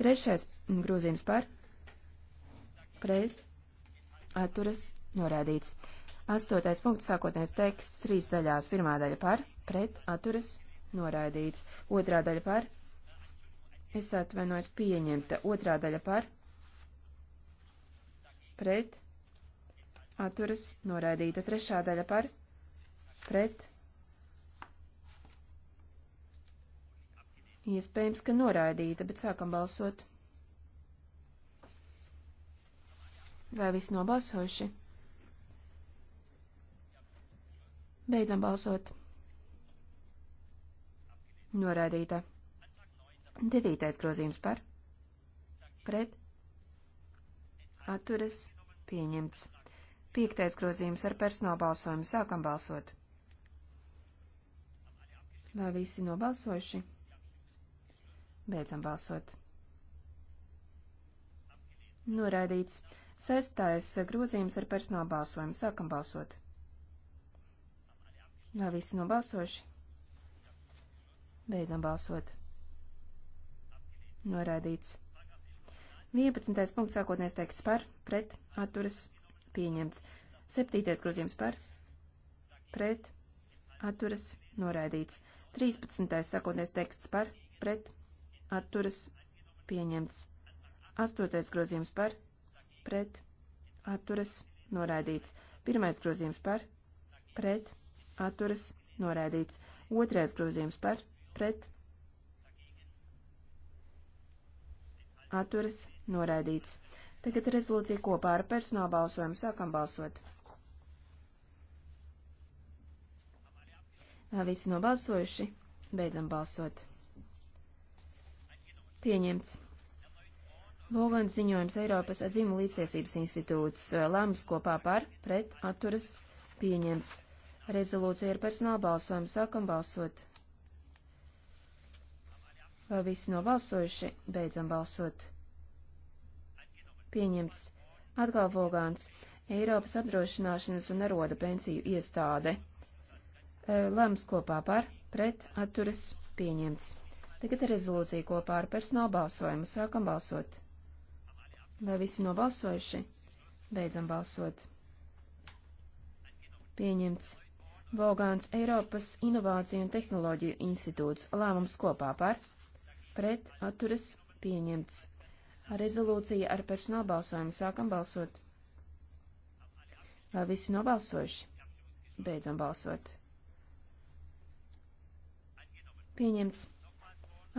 Trešais grozījums par pret atturas norādīts. Astotais punkts sākotnēs teksts trīs daļās. Pirmā daļa par pret atturas norādīts. Otrā daļa par Es atvainojos pieņemta. Otrā daļa par. Pret. Atturas. Noraidīta. Trešā daļa par. Pret. Iespējams, ka noraidīta, bet sākam balsot. Vai visi nobalsojuši? Beidzam balsot. Noraidīta. Devītais grozījums par pret atturas pieņemts. Piektais grozījums ar personālu balsojumu. Sākam balsot. Vai visi nobalsojuši? Beidzam balsot. Noraidīts. Sestais grozījums ar personālu balsojumu. Sākam balsot. Vai visi nobalsojuši? Beidzam balsot. Noraidīts. 11. punkts sākotnēs teikts par, pret, atturas, pieņemts. 7. grozījums par, pret, atturas, noraidīts. 13. sākotnēs teikts par, pret, atturas, pieņemts. 8. grozījums par, pret, atturas, noraidīts. 1. grozījums par, pret, atturas, noraidīts. 2. grozījums par, pret, atturas noraidīts. Tagad rezolūcija kopā ar personālu balsojumu sākam balsot. Visi nobalsojuši, beidzam balsot. Pieņemts. Vogans ziņojums Eiropas dzimu līdztiesības institūts lēmums kopā par, pret, atturas, pieņemts. Rezolūcija ar personālu balsojumu sākam balsot. Vai visi nobalsojuši? Beidzam balsot. Pieņemts. Atkal Vogāns. Eiropas apdrošināšanas un aroda pensiju iestāde. E, Lems kopā par, pret, atturas, pieņemts. Tagad ir rezolūcija kopā ar personālu balsojumu. Sākam balsot. Vai visi nobalsojuši? Beidzam balsot. Pieņemts. Vogāns Eiropas Inovāciju un Tehnoloģiju institūts. Lēmums kopā par, pret atturas pieņemts. Rezolūcija ar personālu balsojumu sākam balsot. Vai visi nobalsojuši? Beidzam balsot. Pieņemts.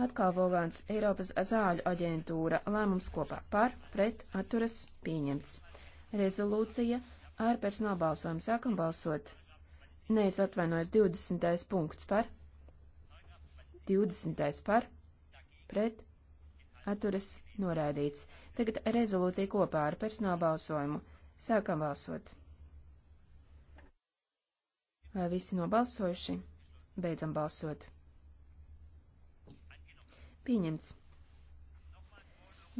Atkal Volgāns Eiropas zāļu aģentūra lēmums kopā par, pret, atturas, pieņemts. Rezolūcija ar personālu balsojumu sākam balsot. Nē, es atvainojos 20. punkts par. 20. par pret, atturas norādīts. Tagad rezolūcija kopā ar personālu balsojumu. Sākam balsot. Vai visi nobalsojuši? Beidzam balsot. Pieņemts.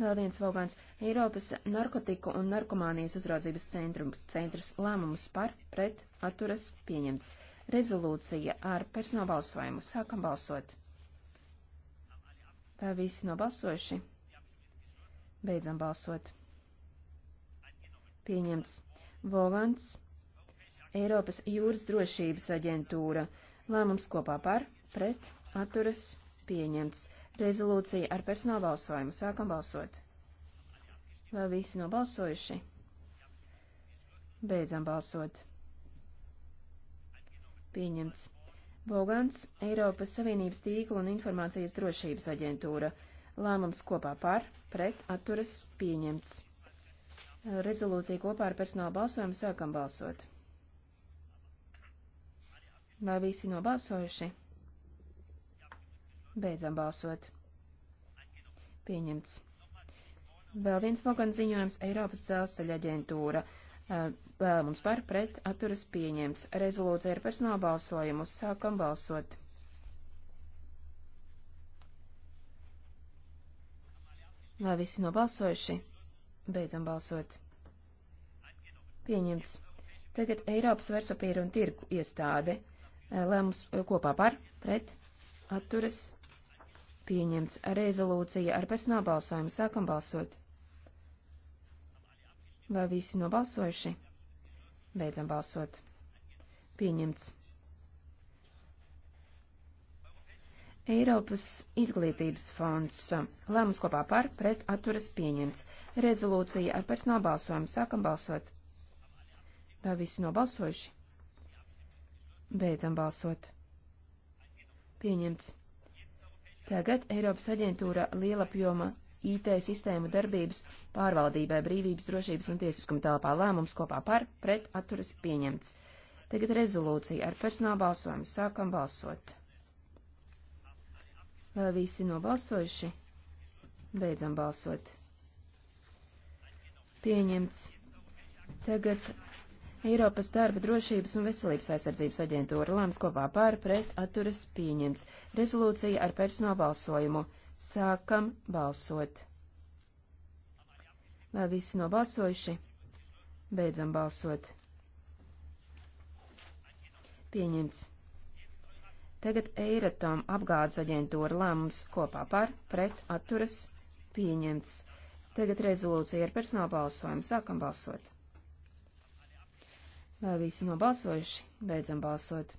Vēl viens vaugāns Eiropas narkotiku un narkomānijas uzraudzības centrum, centrs lēmums par, pret, atturas, pieņemts. Rezolūcija ar personālu balsojumu. Sākam balsot. Vai visi nobalsojuši? Beidzam balsot. Pieņemts. Vogans, Eiropas jūras drošības aģentūra. Lēmums kopā par, pret, atturas, pieņemts. Rezolūcija ar personālu balsojumu. Sākam balsot. Vai visi nobalsojuši? Beidzam balsot. Pieņemts. Bogans, Eiropas Savienības tīkla un informācijas drošības aģentūra. Lēmums kopā par, pret, atturas, pieņemts. Rezolūcija kopā ar personālu balsojumu sākam balsot. Vai visi nobalsojuši? Beidzam balsot. Pieņemts. Vēl viens Bogans ziņojums Eiropas dzelzceļa aģentūra. Lēmums par pret atturas pieņemts. Rezolūcija ir personāla balsojumu. Sākam balsot. Vai visi nobalsojuši? Beidzam balsot. Pieņemts. Tagad Eiropas vērtspapīra un tirku iestāde. Lēmums kopā par pret atturas pieņemts. Rezolūcija ar personāla balsojumu. Sākam balsot. Vai visi nobalsojuši? Beidzam balsot. Pieņemts. Eiropas izglītības fonds. Lēmums kopā par pret atturas pieņemts. Rezolūcija ar pēc nobalsojumu. Sākam balsot. Vai visi nobalsojuši? Beidzam balsot. Pieņemts. Tagad Eiropas aģentūra lielapjoma IT sistēmu darbības pārvaldībai brīvības, drošības un tiesiskuma telpā lēmums kopā par pret atturas pieņemts. Tagad rezolūcija ar personālu balsojumu. Sākam balsot. Vai visi nobalsojuši? Beidzam balsot. Pieņemts. Tagad Eiropas darba drošības un veselības aizsardzības aģentūra lēms kopā pār pret atturas pieņemts rezolūcija ar personālu balsojumu. Sākam balsot. Vai visi nobalsojuši? Beidzam balsot. Pieņemts. Tagad Eiratom apgādes aģentūra lēmums kopā par, pret, atturas, pieņemts. Tagad rezolūcija ar personāla balsojumu. Sākam balsot. Vai visi nobalsojuši? Beidzam balsot.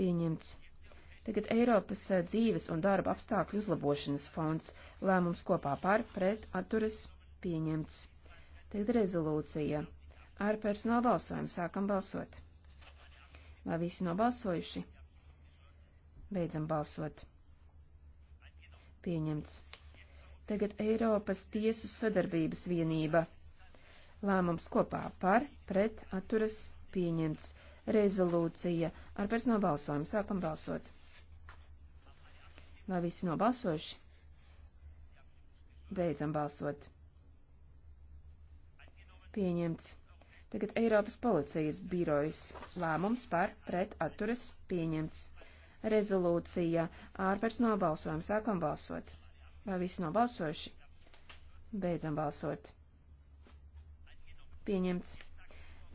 Pieņemts. Tagad Eiropas eh, dzīves un darba apstākļu uzlabošanas fonds lēmums kopā par pret atturas pieņemts. Tagad rezolūcija. Ar personālu balsojumu sākam balsot. Vai visi nobalsojuši? Beidzam balsot. Pieņemts. Tagad Eiropas tiesu sadarbības vienība. Lēmums kopā par pret atturas pieņemts. Rezolūcija ar personālu balsojumu sākam balsot. Vai visi nobalsojuši? Beidzam balsot. Pieņemts. Tagad Eiropas policijas birojas lēmums par pret atturas pieņemts. Rezolūcija ārpēc nobalsojumu sākam balsot. Vai visi nobalsojuši? Beidzam balsot. Pieņemts.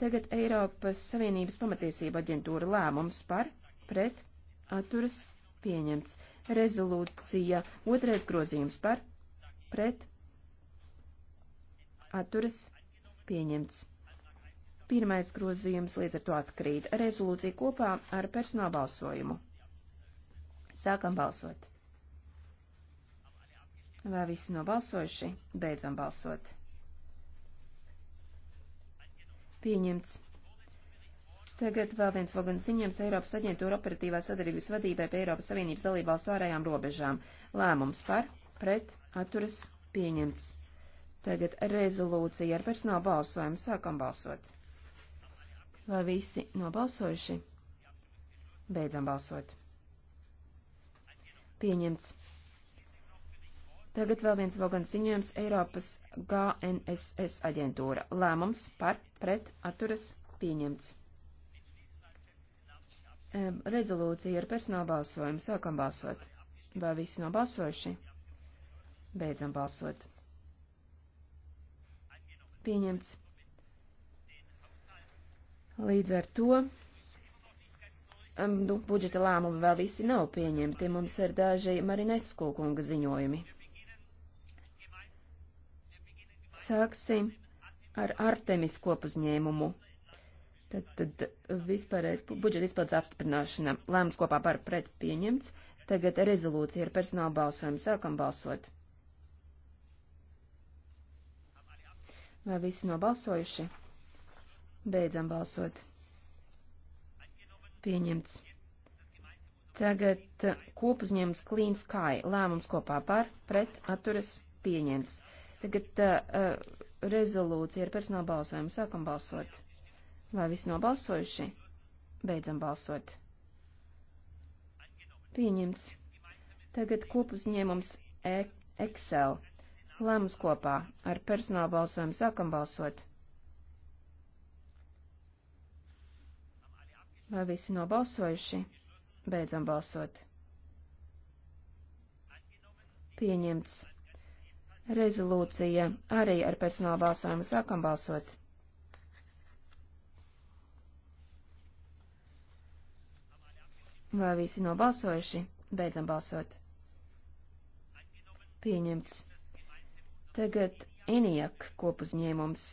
Tagad Eiropas Savienības pamatiesība aģentūra lēmums par pret atturas pieņemts Pieņemts. Rezolūcija. Otrais grozījums par. Pret. Atturas. Pieņemts. Pirmais grozījums līdz ar to atkrīt. Rezolūcija kopā ar personālu balsojumu. Sākam balsot. Vai visi nobalsojuši? Beidzam balsot. Pieņemts. Tagad vēl viens vagons ziņojums Eiropas aģentūra operatīvā sadarbības vadībai pie Eiropas Savienības dalībvalstu ārējām robežām. Lēmums par, pret, atturas, pieņemts. Tagad rezolūcija ar personālu balsojumu. Sākam balsot. Vai visi nobalsojuši? Beidzam balsot. Pieņemts. Tagad vēl viens vagons ziņojums Eiropas GNSS aģentūra. Lēmums par, pret, atturas, pieņemts rezolūcija ar personālu balsojumu. Sākam balsot. Vai visi nobalsojuši? Beidzam balsot. Pieņemts. Līdz ar to nu, budžeta lēmumi vēl visi nav pieņemti. Mums ir daži Marinesku kunga ziņojumi. Sāksim ar Artemis kopuzņēmumu. Tad, tad vispārējais budžeta izpildes apstiprināšana lēmums kopā par pret pieņemts. Tagad rezolūcija ar personālu balsojumu. Sākam balsot. Vai visi nobalsojuši? Beidzam balsot. Pieņemts. Tagad kopuzņēmums Clean Sky. Lēmums kopā par pret atturas pieņemts. Tagad uh, uh rezolūcija ar personālu balsojumu. Sākam balsot. Vai visi nobalsojuši? Beidzam balsot. Pieņemts. Tagad kopuzņēmums e Excel. Lēmums kopā ar personālu balsojumu sākam balsot. Vai visi nobalsojuši? Beidzam balsot. Pieņemts. Rezolūcija arī ar personālu balsojumu sākam balsot. Vai visi nobalsojuši? Beidzam balsot. Pieņemts. Tagad ENIAK kopuzņēmums.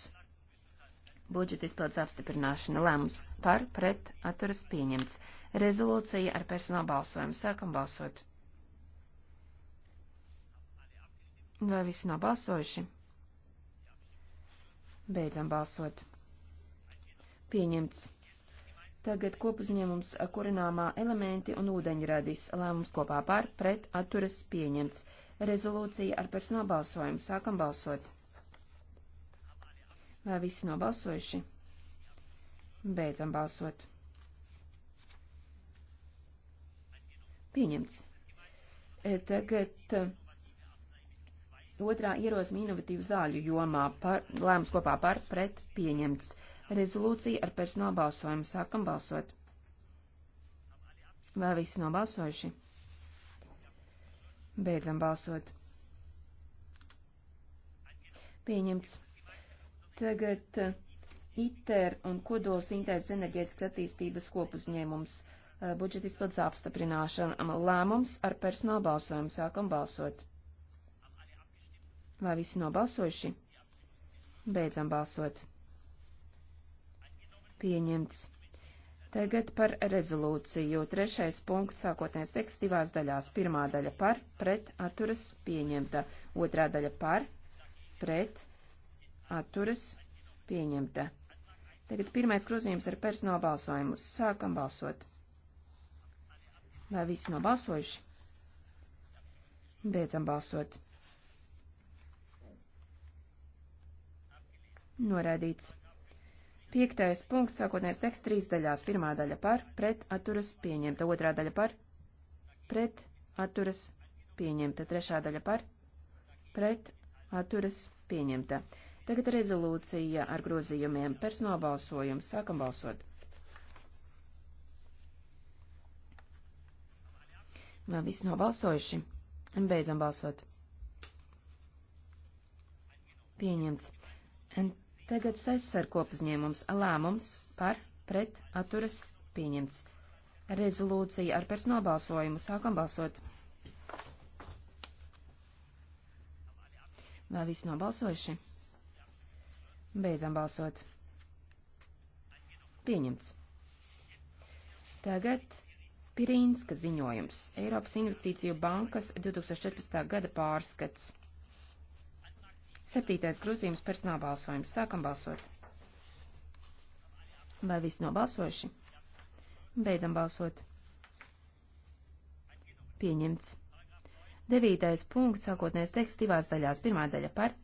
Budžeta izpildes apstiprināšana lēmums par pret atturas pieņemts. Rezolūcija ar personālu balsojumu. Sākam balsot. Vai visi nobalsojuši? Beidzam balsot. Pieņemts. Tagad kopuzņēmums kurināmā elementi un ūdeņradis. Lēmums kopā par, pret, atturas pieņemts. Rezolūcija ar personālu balsojumu. Sākam balsot. Vai visi nobalsojuši? Beidzam balsot. Pieņemts. E, tagad e, otrā ierosme inovatīvu zāļu jomā par, lēmums kopā par pret pieņemts rezolūcija ar personālu balsojumu. Sākam balsot. Vai visi nobalsojuši? Beidzam balsot. Pieņemts. Tagad uh, ITER un kodols Intēs enerģētikas attīstības kopuzņēmums. Uh, budžeta izpildes apstiprināšana. Lēmums ar personālu balsojumu. Sākam balsot. Vai visi nobalsojuši? Beidzam balsot. Pieņemts. Tagad par rezolūciju. Trešais punkts sākotnēs teksts divās daļās. Pirmā daļa par, pret, atturas, pieņemta. Otrā daļa par, pret, atturas, pieņemta. Tagad pirmais grozījums ar personālu balsojumu. Sākam balsot. Vai visi nobalsojuši? Beidzam balsot. Noraidīts. Piektais punkts, sākotnējais teksts, trīs daļās. Pirmā daļa par, pret, atturas, pieņemta. Otrā daļa par, pret, atturas, pieņemta. Trešā daļa par, pret, atturas, pieņemta. Tagad rezolūcija ar grozījumiem. Personāla balsojums. Sākam balsot. Vai visi nobalsojuši? Beidzam balsot. Pieņemts. And Tagad sesar kopuzņēmums lēmums par pret atturas pieņemts. Rezolūcija ar pēc nobalsojumu sākam balsot. Vai visi nobalsojuši? Beidzam balsot. Pieņemts. Tagad Pirīnska ziņojums. Eiropas Investīciju bankas 2014. gada pārskats. Septītais grozījums personāla balsojums. Sākam balsot. Vai visi nobalsojuši? Beidzam balsot. Pieņemts. Devītais punkts, sākotnējais teksts divās daļās. Pirmā daļa par,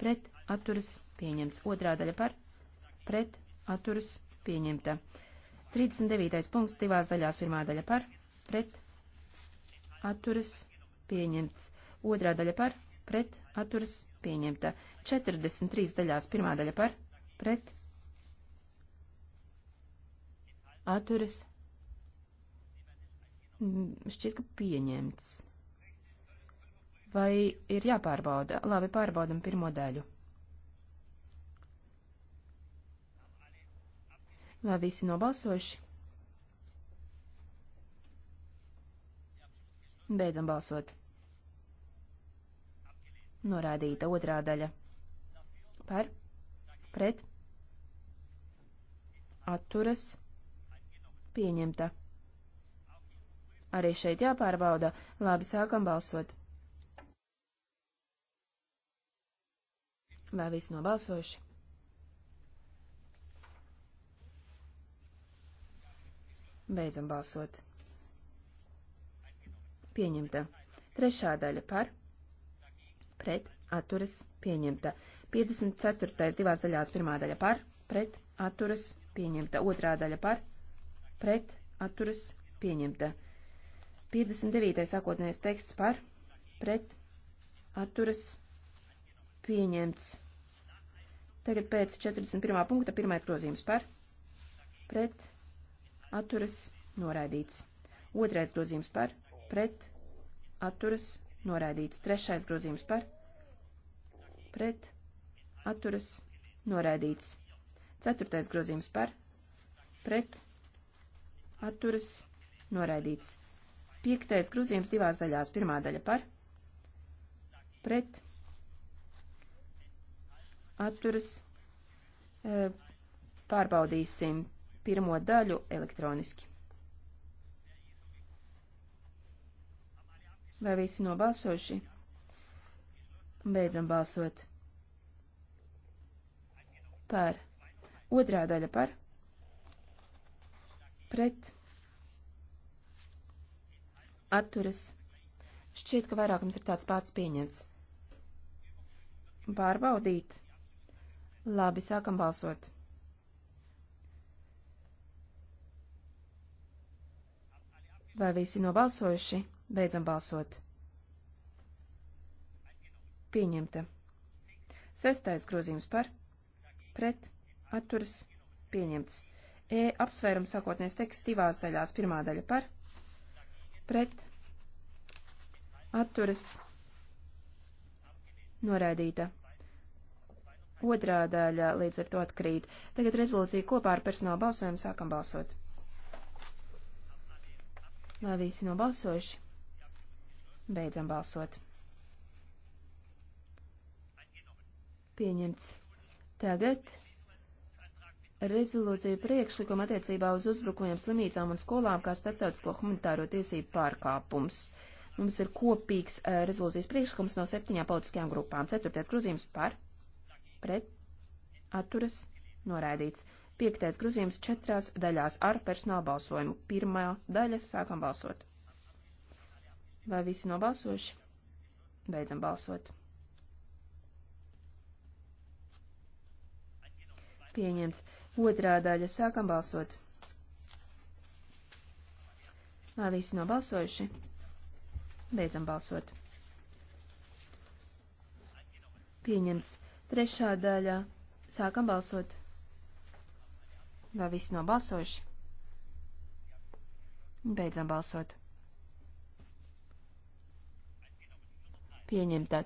pret, atturas, pieņemts. Otrā daļa par, pret, atturas, pieņemta. 39. punkts divās daļās. Pirmā daļa par, pret, atturas, pieņemts. Otrā daļa par, pret, atturas, pieņemta. 43 daļās, pirmā daļa par, pret, atturas, mm, šķiet, ka pieņemts. Vai ir jāpārbauda? Labi, pārbaudam pirmo daļu. Vai visi nobalsojuši? Beidzam balsot. Norādīta otrā daļa. Par, pret, atturas, pieņemta. Arī šeit jāpārbauda. Labi, sākam balsot. Vai visi nobalsojuši? Beidzam balsot. Pieņemta. Trešā daļa par pret, atturas, pieņemta. 54. divās daļās pirmā daļa par, pret, atturas, pieņemta. Otrā daļa par, pret, atturas, pieņemta. 59. sākotnējais teksts par, pret, atturas, pieņemts. Tagad pēc 41. punkta pirmais grozījums par, pret, atturas, noraidīts. Otrais grozījums par, pret, atturas, pieņemts noraidīts. Trešais grozījums par, pret, atturas, noraidīts. Ceturtais grozījums par, pret, atturas, noraidīts. Piektais grozījums divās daļās. Pirmā daļa par, pret, atturas, eh, pārbaudīsim pirmo daļu elektroniski. Vai visi nobalsojuši? Beidzam balsot. Par. Otrā daļa par. Pret. Atturas. Šķiet, ka vairākums ir tāds pats pieņemts. Pārbaudīt. Labi, sākam balsot. Vai visi nobalsojuši? Beidzam balsot. Pieņemta. Sestais grozījums par, pret, atturas, pieņemts. E apsvērums sākotnēs teksts divās daļās. Pirmā daļa par, pret, atturas, noraidīta. Otrā daļa līdz ar to atkrīt. Tagad rezolūcija kopā ar personāla balsojumu sākam balsot. Vai visi nobalsojuši? Beidzam balsot. Pieņemts. Tagad rezolūcija priekšlikuma attiecībā uz uzbrukumiem slimnīcām un skolām kā starptautisko humanitāro tiesību pārkāpums. Mums ir kopīgs uh, rezolūcijas priekšlikums no septiņām politiskajām grupām. Ceturtais grozījums par, pret, atturas, noraidīts. Piektais grozījums četrās daļās ar personāla balsojumu. Pirmā daļa sākam balsot. Vai visi nobalsojuši? Beidzam balsot. Pieņemts. Otrā daļa. Sākam balsot. Vai visi nobalsojuši? Beidzam balsot. Pieņemts. Trešā daļa. Sākam balsot. Vai visi nobalsojuši? Beidzam balsot. Pieņemta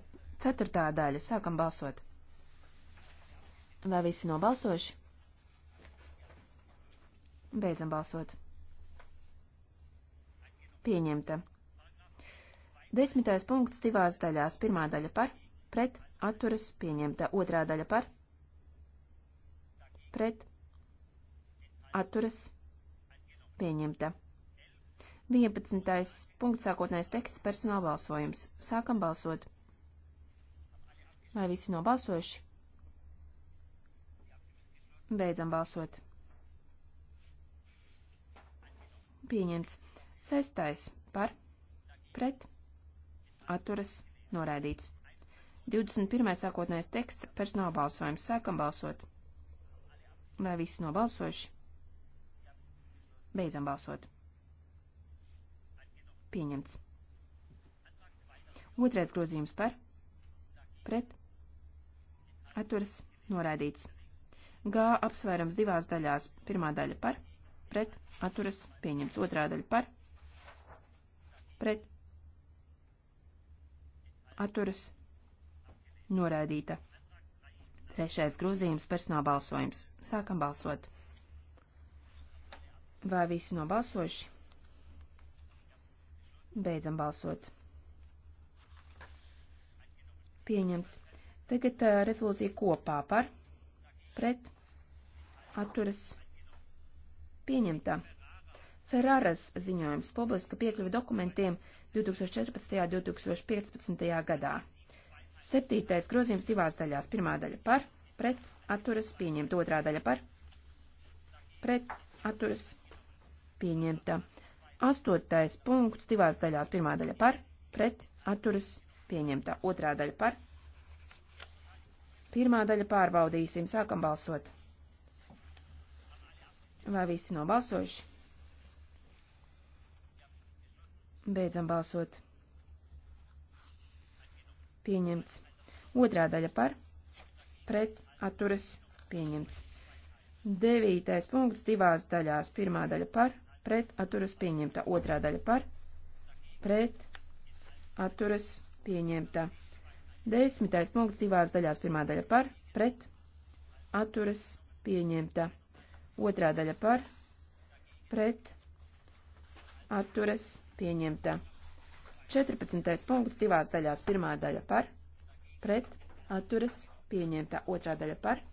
ceturtā daļa. Sākam balsot. Vai visi nobalsojuši? Beidzam balsot. Pieņemta. Desmitais punkts divās daļās. Pirmā daļa par, pret, atturas, pieņemta. Otrā daļa par, pret, atturas, pieņemta. 11. punkts sākotnējais teksts personāla balsojums. Sākam balsot. Vai visi nobalsojuši? Beidzam balsot. Pieņemts. Sestais par, pret, atturas, noraidīts. 21. sākotnējais teksts personāla balsojums. Sākam balsot. Vai visi nobalsojuši? Beidzam balsot. Pieņemts. Otrais grozījums par, pret, atturas, noraidīts. G apsvērums divās daļās. Pirmā daļa par, pret, atturas, pieņemts. Otrā daļa par, pret, atturas, noraidīta. Trešais grozījums personāla balsojums. Sākam balsot. Vai visi nobalsojuši? Beidzam balsot. Pieņemts. Tagad uh, rezolūcija kopā par, pret, atturas, pieņemtā. Ferraras ziņojums publiska piekļuva dokumentiem 2014. un 2015. gadā. Septītais grozījums divās daļās. Pirmā daļa par, pret, atturas, pieņemta. Otrā daļa par, pret, atturas, pieņemta. Astotais punkts divās daļās. Pirmā daļa par, pret, atturas, pieņemta. Otrā daļa par. Pirmā daļa pārbaudīsim. Sākam balsot. Vai visi nobalsojuši? Beidzam balsot. Pieņemts. Otrā daļa par, pret, atturas, pieņemts. Devītais punkts divās daļās. Pirmā daļa par, pret atturas pieņemta. Otrā daļa par pret atturas pieņemta. Desmitais punkts divās daļās. Pirmā daļa par pret atturas pieņemta. Otrā daļa par pret atturas pieņemta. 14. punkts divās daļās. Pirmā daļa par pret atturas pieņemta. Otrā daļa par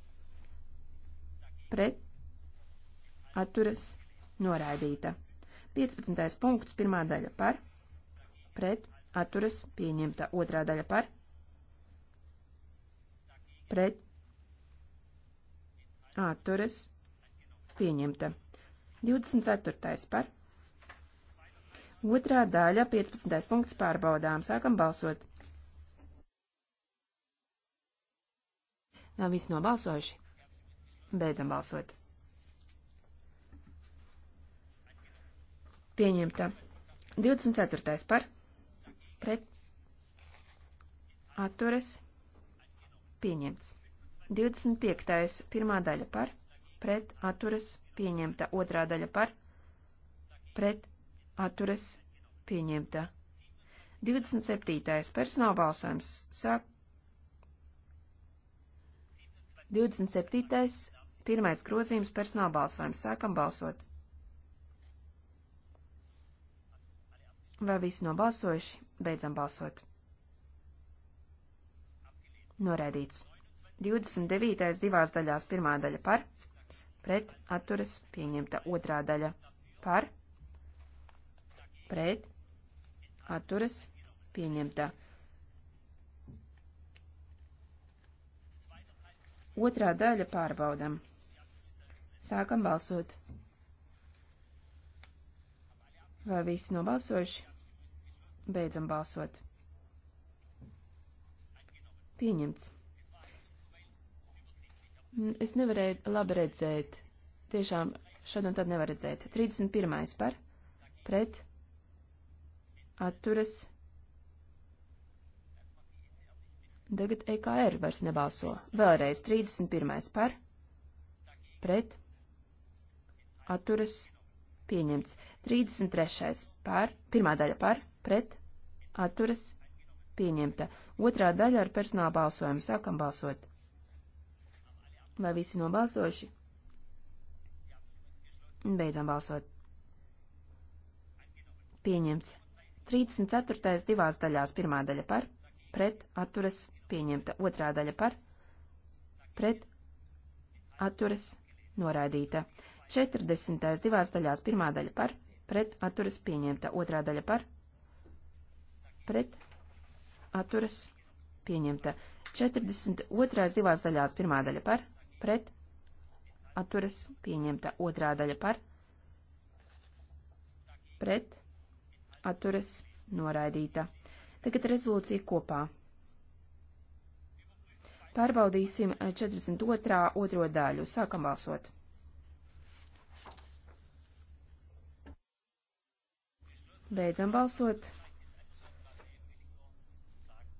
pret atturas pieņemta Noraidīta. 15. punkts, pirmā daļa par, pret, atturas, pieņemta. Otrā daļa par, pret, atturas, pieņemta. 24. par. Otrā daļa, 15. punkts, pārbaudām. Sākam balsot. Nav visi nobalsojuši. Beidzam balsot. Pieņemta. 24. par. Pret. Atturas. Pieņemts. 25. pirmā daļa par. Pret. Atturas. Pieņemta. Otrā daļa par. Pret. Atturas. Pieņemta. 27. personāla balsojums sāk. 27. pirmais grozījums personāla balsojums sākam balsot. Vai visi nobalsojuši? Beidzam balsot. Noraidīts. 29. divās daļās pirmā daļa par, pret atturas pieņemta otrā daļa par, pret atturas pieņemta. Otrā daļa pārbaudam. Sākam balsot. Vai visi nobalsojuši? Beidzam balsot. Pieņemts. Es nevarēju labi redzēt. Tiešām šad un tad nevar redzēt. 31. par. Pret. Atturas. Tagad EKR vairs nebalso. Vēlreiz 31. par. Pret. Atturas. Pieņemts. 33. par. Pirmā daļa par. Pret atturas pieņemta. Otrā daļa ar personālu balsojumu. Sākam balsot. Vai visi nobalsojuši? Beidzam balsot. Pieņemts. 34. divās daļās. Pirmā daļa par, pret, atturas, pieņemta. Otrā daļa par, pret, atturas, noraidīta. 40. divās daļās. Pirmā daļa par, pret, atturas, pieņemta. Otrā daļa par, pret pret atturas pieņemta. 42. divās daļās pirmā daļa par pret atturas pieņemta. Otrā daļa par pret atturas noraidīta. Tagad rezolūcija kopā. Pārbaudīsim 42. otro daļu. Sākam balsot. Beidzam balsot.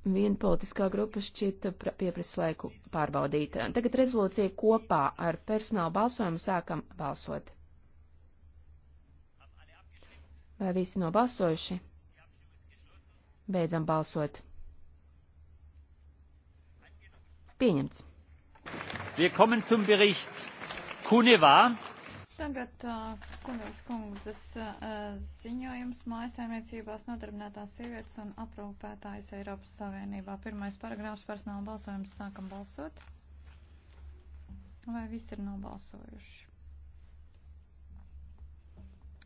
Viena politiskā grupa šķita pieprasa laiku pārbaudīt. Tagad rezolūcija kopā ar personālu balsojumu sākam balsot. Vai visi nobalsojuši? Beidzam balsot. Pieņemts. Wir kommen zum Bericht Kuneva. Tagad uh, kundas kundzes uh, ziņojums mājasaimniecībās nodarbinātās sievietes un aprūpētājas Eiropas Savienībā. Pirmais paragrāfs personāla balsojums sākam balsot. Vai visi ir nobalsojuši?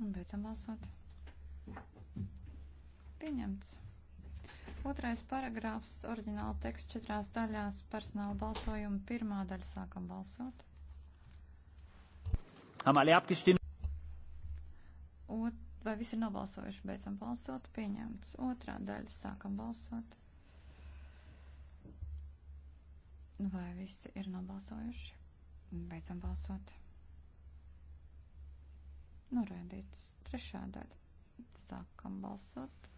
Un beidzam balsot. Pieņemts. Otrais paragrāfs, oriģināla teksts četrās daļās, personāla balsojuma pirmā daļa sākam balsot. Haben alle abgestimmt? Ot, vai visi ir nobalsojuši? Beidzam balsot. Pieņemts. Otrā daļa. Sākam balsot. Vai visi ir nobalsojuši? Beidzam balsot. Noraidīts. Trešā daļa. Sākam balsot.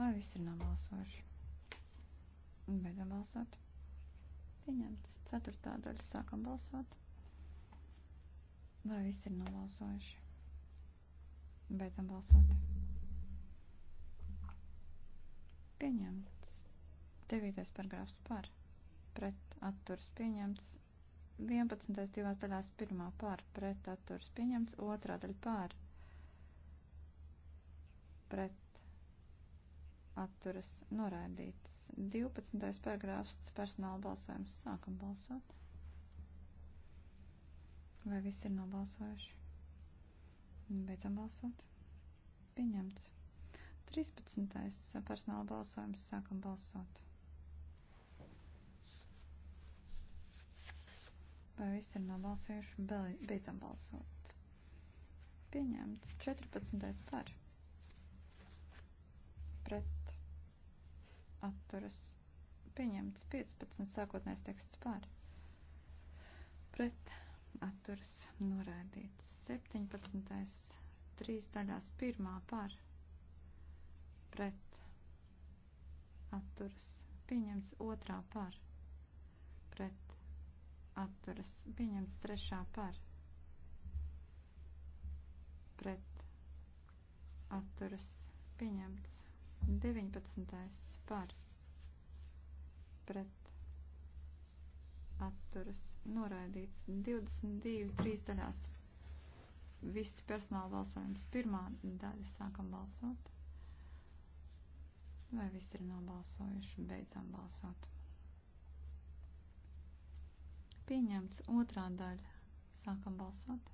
Vai visi ir nobalsojuši? Beidzam balsot. Pieņemts. Ceturtā daļa. Sākam balsot. Vai viss ir nobalsojuši? Beidzam balsot. Pieņemts. Devītais paragrāfs par. Pret atturs pieņemts. 11. divās daļās pirmā par. Pret atturs pieņemts. Otrā daļa par. Pret atturas noraidīts. 12. paragrāfs personāla balsojums. Sākam balsot. Vai viss ir nobalsojuši? Beidzam balsot. Pieņemts. 13. personāla balsojums. Sākam balsot. Vai viss ir nobalsojuši? Beidzam balsot. Pieņemts. 14. par. Pret. Atturas. Pieņemts. 15. sākotnēs teksts par. Pret atturas noraidīts. 17. trīs daļās pirmā par pret atturas pieņemts otrā par pret atturas pieņemts trešā par pret atturas pieņemts 19. par pret atturas noraidīts 22, 3 daļās. Visi personāla balsojums. Pirmā daļa sākam balsot. Vai visi ir nobalsojuši? Beidzam balsot. Pieņemts otrā daļa. Sākam balsot.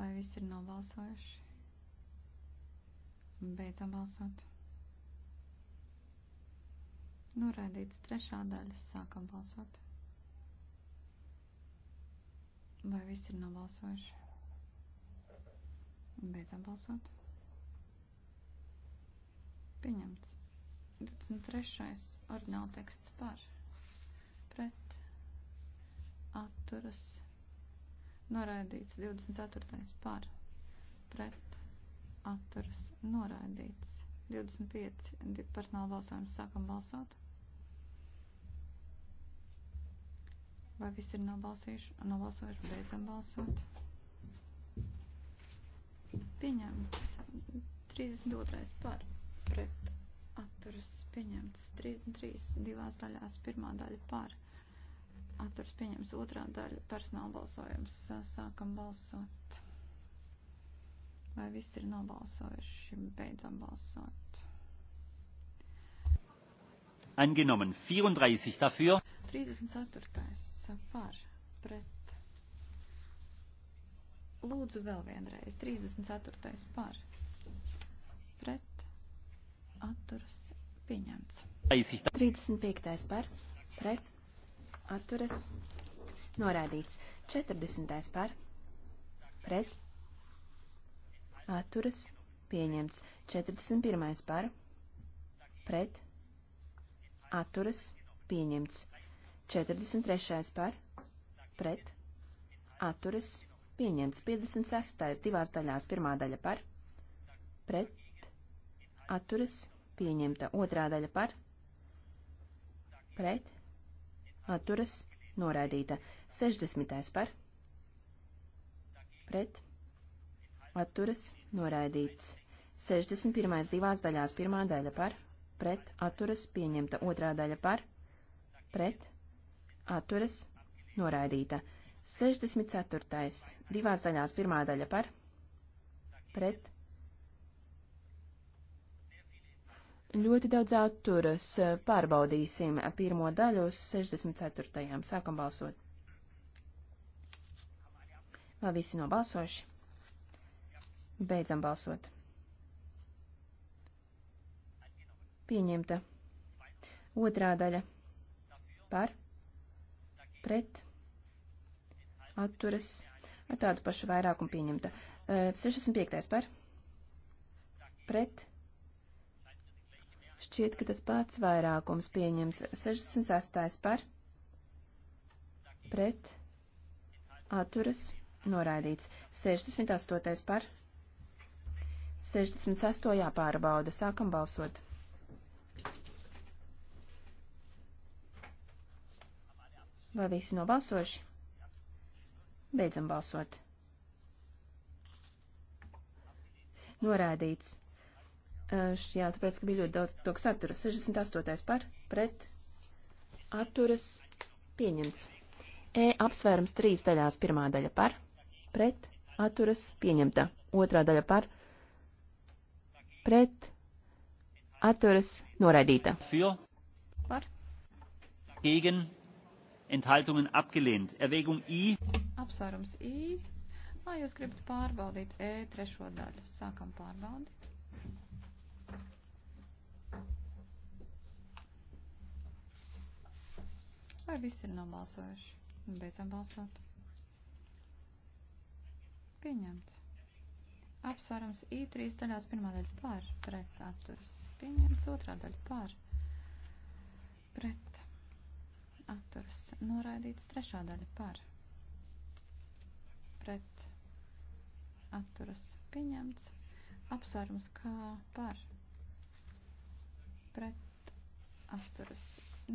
Vai visi ir nobalsojuši? Beidzam balsot. Noraidīts trešā daļa. Sākam balsot. Vai viss ir nobalsojuši? Beidzam balsot. Pieņemts. 23. Ordināla teksts par. Pret. Atturas. Noraidīts. 24. par. Pret. Atturas. Noraidīts. 25. Personāla balsojums. Sākam balsot. Vai viss ir nobalsījuši? Nobalsojuši, beidzam balsot. Pieņemts 32. par pret atturas pieņemts 33 divās daļās, pirmā daļa par atturas pieņemts, otrā daļa personāla balsojums. Sākam balsot. Vai viss ir nobalsojuši? Beidzam balsot. Angenommen 34 dafür. 34 par pret. Lūdzu vēl vienreiz. 34. par pret. Atturas pieņemts. 35. par pret. Atturas norādīts. 40. par pret. Atturas pieņemts. 41. par pret. Atturas pieņemts. 43. par, pret, atturas, pieņemts. 56. divās daļās, pirmā daļa par, pret, atturas, pieņemta. Otrā daļa par, pret, atturas, noraidīta. 60. par, pret, atturas, noraidīts. 61. divās daļās, pirmā daļa par, pret, atturas, pieņemta. Otrā daļa par, pret, atturas, noraidīta. 64. divās daļās pirmā daļa par, pret. Ļoti daudz atturas. Pārbaudīsim pirmo daļu uz 64. Sākam balsot. Vēl visi nobalsojuši. Beidzam balsot. Pieņemta. Otrā daļa. Par pret atturas ar tādu pašu vairākumu pieņemta. 65. Eh, par pret šķiet, ka tas pats vairākums pieņems. 68. par pret atturas noraidīts. 68. par 68. jāpārbauda. Sākam balsot. Vai visi nobalsojuši? Beidzam balsot. Norādīts. Jā, tāpēc, ka bija ļoti daudz to, kas atturas. 68. par, pret, atturas, pieņemts. E apsvērums trīs daļās. Pirmā daļa par, pret, atturas, pieņemta. Otrā daļa par, pret, atturas, noraidīta. Par. Gegen. Enthaltungen abgelehnt. Erwägung I. Apsvērums I. Vai jūs gribat pārbaudīt E trešo daļu? Sākam pārbaudīt. Vai visi ir nobalsojuši? Beidzam balsot. Pieņemts. Apsvērums I trīs daļās pirmā daļa pār, pret atturas. Pieņemts otrā daļa pār, pret atturas noraidīts. Trešā daļa par pret atturas pieņemts. Apsvērums kā par pret atturas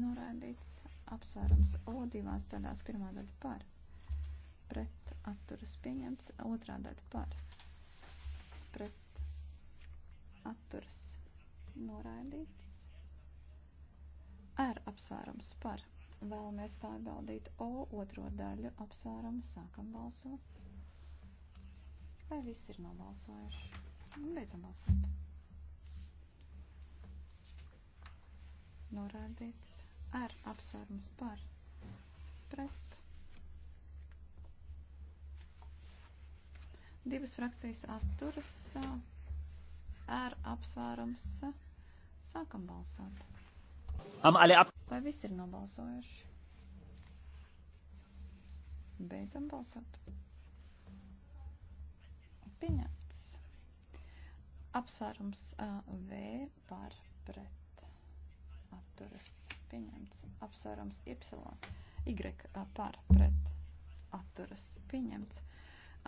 noraidīts. Apsvērums O divās daļās pirmā daļa par pret atturas pieņemts. Otrā daļa par pret atturas noraidīts. R apsvērums par Vēlamies pārbaudīt O otro daļu apsvērumu, sākam balsot. Vai viss ir nobalsojuši? Beidzam balsot. Norādīts ar apsvērums par pret. Divas frakcijas atturas ar apsvērums. Sākam balsot. Vai viss ir nobalsojuši? Beidzam balsot. Pieņemts. Apsvērums V par pret atturas. Pieņemts. Apsvērums Y. Y par pret atturas. Pieņemts.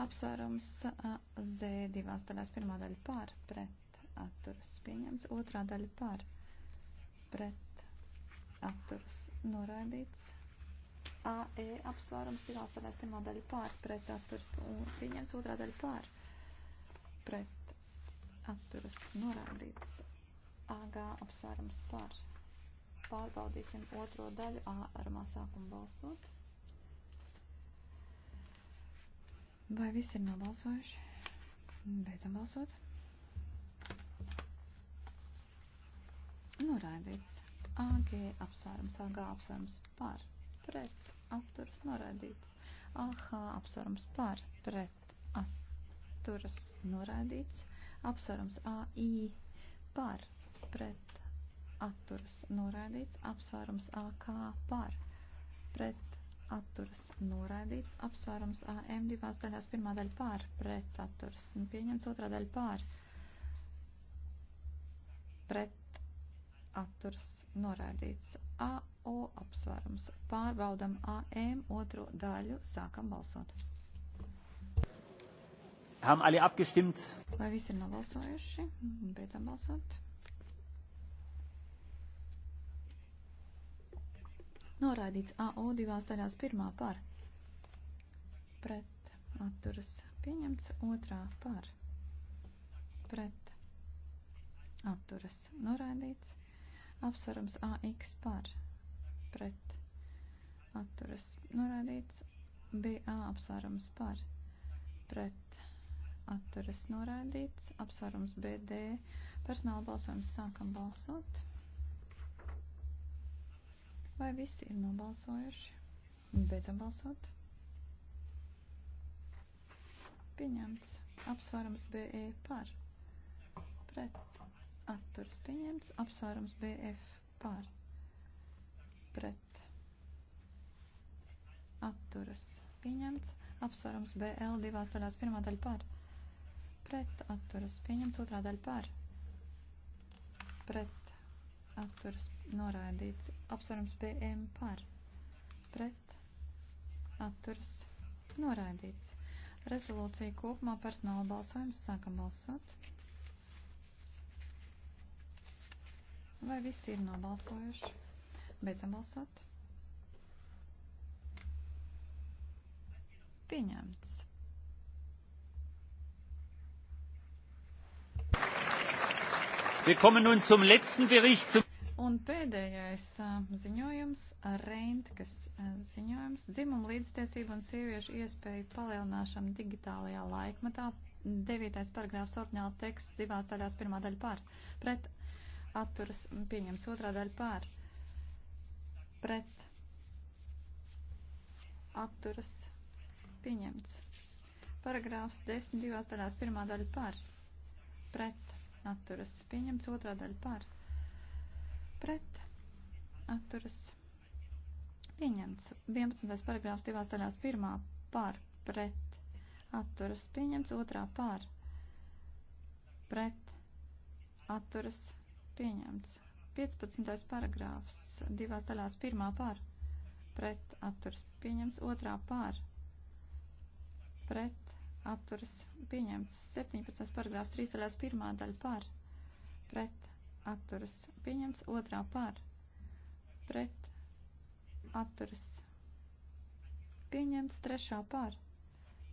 Apsvērums Z divās daļās. Pirmā daļa par pret atturas. Pieņemts. Otrā daļa par pret atturas noraidīts. AE apsvērums divās daļās pirmā daļa pār pret atturas pieņemts, otrā daļa pār pret atturas noraidīts. AG apsvērums pār. Pārbaudīsim otro daļu A ar māsākumu balsot. Vai visi ir nobalsojuši? Beidzam balsot. Noraidīts. AG apsvērums, AG apsvērums par, pret, atturas noraidīts. AH apsvērums par, pret, atturas noraidīts. Apsvērums AI par, pret, atturas noraidīts. Apsvērums AK par, pret, atturas noraidīts. Apsvērums AM divās daļās pirmā daļa par, pret, atturas pieņemts. Otrā daļa par, pret, atturas Norādīts AO apsvērums. Pārbaudam AM otro daļu. Sākam balsot. Haben alle abgestimmt? Vai visi ir nobalsojuši? Beidzam balsot. Norādīts AO divās daļās pirmā par. Pret atturas pieņemts otrā par. Pret atturas norādīts apsvarums AX par pret atturas norādīts, BA apsvērums par pret atturas norādīts, apsvērums BD personāla balsojums sākam balsot. Vai visi ir nobalsojuši? Beidzam balsot. Pieņemts apsvērums BE par pret atturs pieņemts, apsvērums BF par pret atturas pieņemts, apsvērums BL divās daļās pirmā daļa par pret atturas pieņemts, otrā daļa par pret atturas noraidīts, apsvērums BM par pret atturas noraidīts. Rezolūcija kopumā personāla balsojums sākam balsot. Vai visi ir nobalsojuši? Beidzam balsot. Pieņemts. Wir kommen nun zum letzten Bericht. Zum Un pēdējais ziņojums - Reintkas ziņojums - dzimumu līdztiesību un sieviešu iespēju palielināšana digitālajā laikmatā. Devītais paragrāfs ordināla teksts divās daļās, pirmā daļa par pret atturas pieņemts. Otrā daļa pār pret atturas pieņemts. Paragrāfs 10 divās daļās pirmā daļa par pret atturas pieņemts. Otrā daļa par pret atturas pieņemts. 11. paragrāfs divās daļās pirmā par pret atturas pieņemts. Otrā par pret atturas pieņemts pieņemts. 15. paragrāfs divās daļās pirmā par pret atturs pieņemts, otrā par pret atturs pieņemts. 17. paragrāfs trīs daļās pirmā daļa par pret atturs pieņemts, otrā par pret atturs pieņemts, trešā par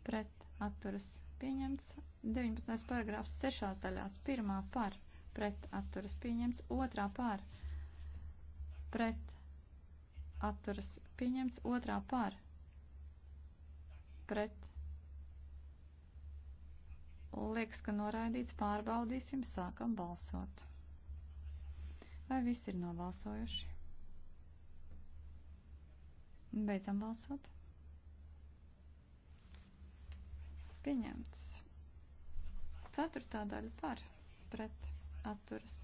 pret atturs pieņemts. 19. paragrāfs sešās daļās pirmā par pret pret atturas pieņemts, otrā par pret atturas pieņemts, otrā par pret liekas, ka noraidīts, pārbaudīsim, sākam balsot. Vai visi ir nobalsojuši? Beidzam balsot. Pieņemts. Ceturtā daļa par pret atturas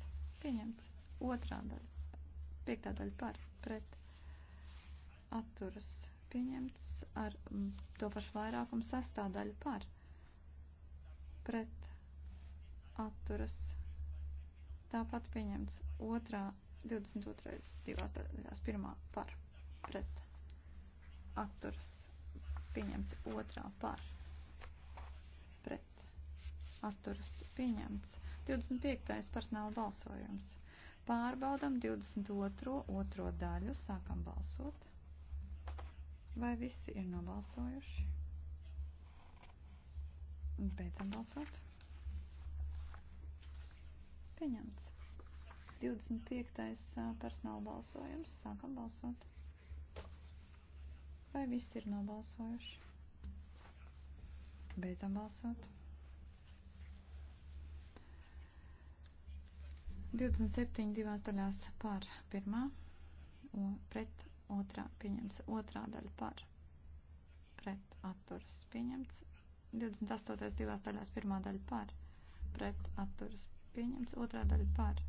pieņemts. Otrā daļa. Piektā daļa par pret atturas pieņemts ar to pašu vairākumu. Sestā daļa par pret atturas tāpat pieņemts. Otrā 22. divās daļās. Pirmā par pret atturas pieņemts. Otrā par pret atturas pieņemts. 25. personāla balsojums. Pārbaudam 22. otro daļu, sākam balsot. Vai visi ir nobalsojuši? Beidzam balsot. Pieņemts. 25. personāla balsojums, sākam balsot. Vai visi ir nobalsojuši? Beidzam balsot. 27 divās daļās par pirmā, un pret otrā pieņemts otrā daļa par pret atturas pieņemts. 28 divās daļās pirmā daļa par pret atturas pieņemts, otrā daļa par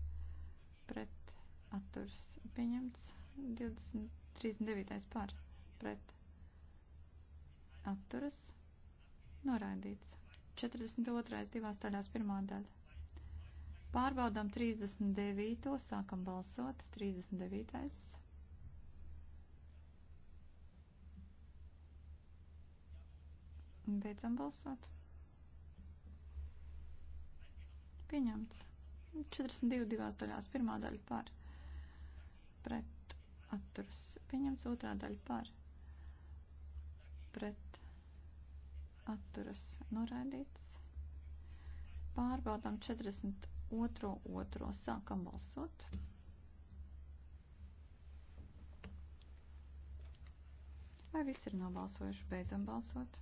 pret atturas pieņemts, 20, 39 par pret atturas noraidīts. 42 divās daļās pirmā daļa Pārbaudām 39. Sākam balsot. 39. Beidzam balsot. Pieņemts. 42 divās daļās. Pirmā daļa par. Pret. Atturs. Pieņemts otrā daļa par. Pret. Atturas. Noraidīts. Pārbaudām 40 otro otro. Sākam balsot. Vai viss ir nobalsojuši? Beidzam balsot.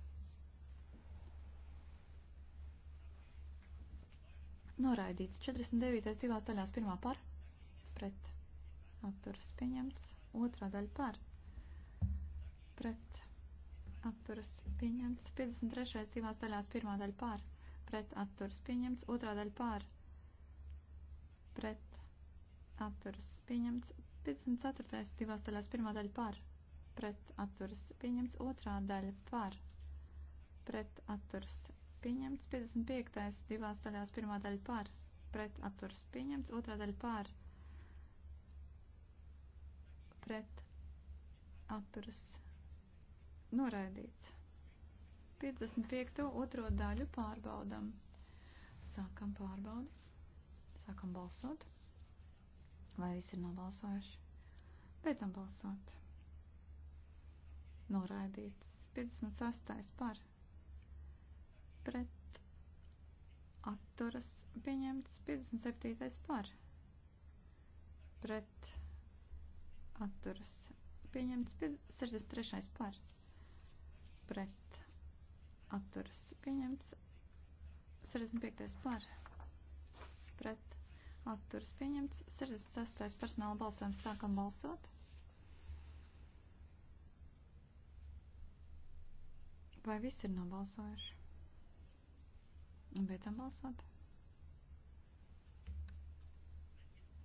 Noraidīts 49. divās daļās pirmā par, pret, atturas pieņemts, otrā daļa par, pret, atturas pieņemts, 53. divās daļās pirmā daļa par, pret, atturas pieņemts, otrā daļa par, pret pret atturas pieņemts 54. divās daļās pirmā daļa par pret atturas pieņemts otrā daļa par pret atturas pieņemts 55. divās daļās pirmā daļa par pret atturas pieņemts otrā daļa par pret atturas noraidīts 55. otro daļu pārbaudam sākam pārbaudi Sākam balsot. Vai visi ir nobalsojuši? Beidzam balsot. Noraidīts. 56. par. Pret. Atturas. Pieņemts. 57. par. Pret. Atturas. Pieņemts. 63. par. Pret. Atturas. Pieņemts. 65. par. Pret atturas pieņemts. 66. personāla balsojums sākam balsot. Vai viss ir nobalsojuši? Un beidzam balsot.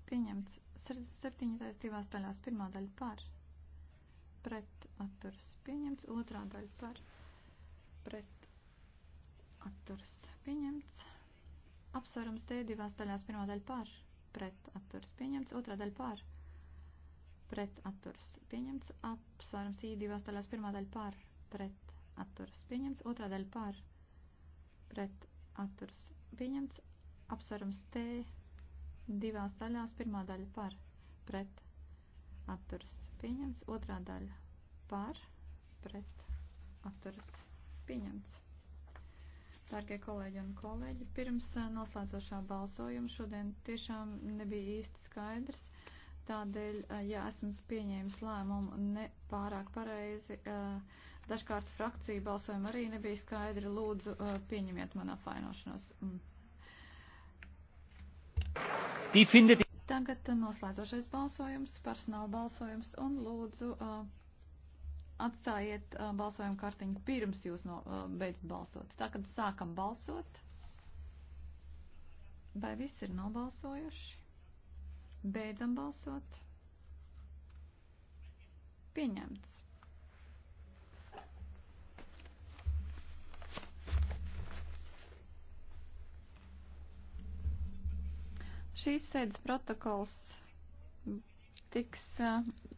Pieņemts 67. divās daļās. Pirmā daļa par. Pret atturas pieņemts. Otrā daļa par. Pret atturas pieņemts. Apsvarums te divās daļās. Pirmā daļa par, pret atturs pieņemts, otrā daļa par, pret atturs pieņemts. Apsvarums I divās daļās. Pirmā daļa par, pret atturs pieņemts, otrā daļa par, pret atturs pieņemts. Apsvarums T divās daļās. Pirmā daļa par, pret atturs pieņemts, otrā daļa par, pret atturs pieņemts. Dārgie kolēģi un kolēģi, pirms eh, noslēdzošā balsojuma šodien tiešām nebija īsti skaidrs. Tādēļ, eh, ja esmu pieņēmis lēmumu nepārāk pareizi, eh, dažkārt frakcija balsojuma arī nebija skaidra. Lūdzu, pieņemiet man apvainošanos. Mm. Tagad noslēdzošais balsojums, personāla balsojums un lūdzu atstājiet uh, balsojumu kartiņu pirms jūs no, uh, beidzat balsot. Tā kad sākam balsot, vai viss ir nobalsojuši? Beidzam balsot. Pieņemts. Šīs sēdes protokols tiks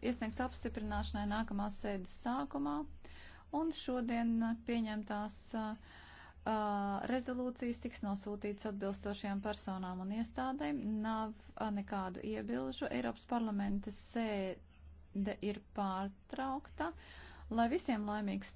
iesniegts apstiprināšanai nākamās sēdes sākumā, un šodien pieņemtās rezolūcijas tiks nosūtīts atbilstošajām personām un iestādēm. Nav nekādu iebilžu. Eiropas parlamenta sēde ir pārtraukta. Lai visiem laimīgs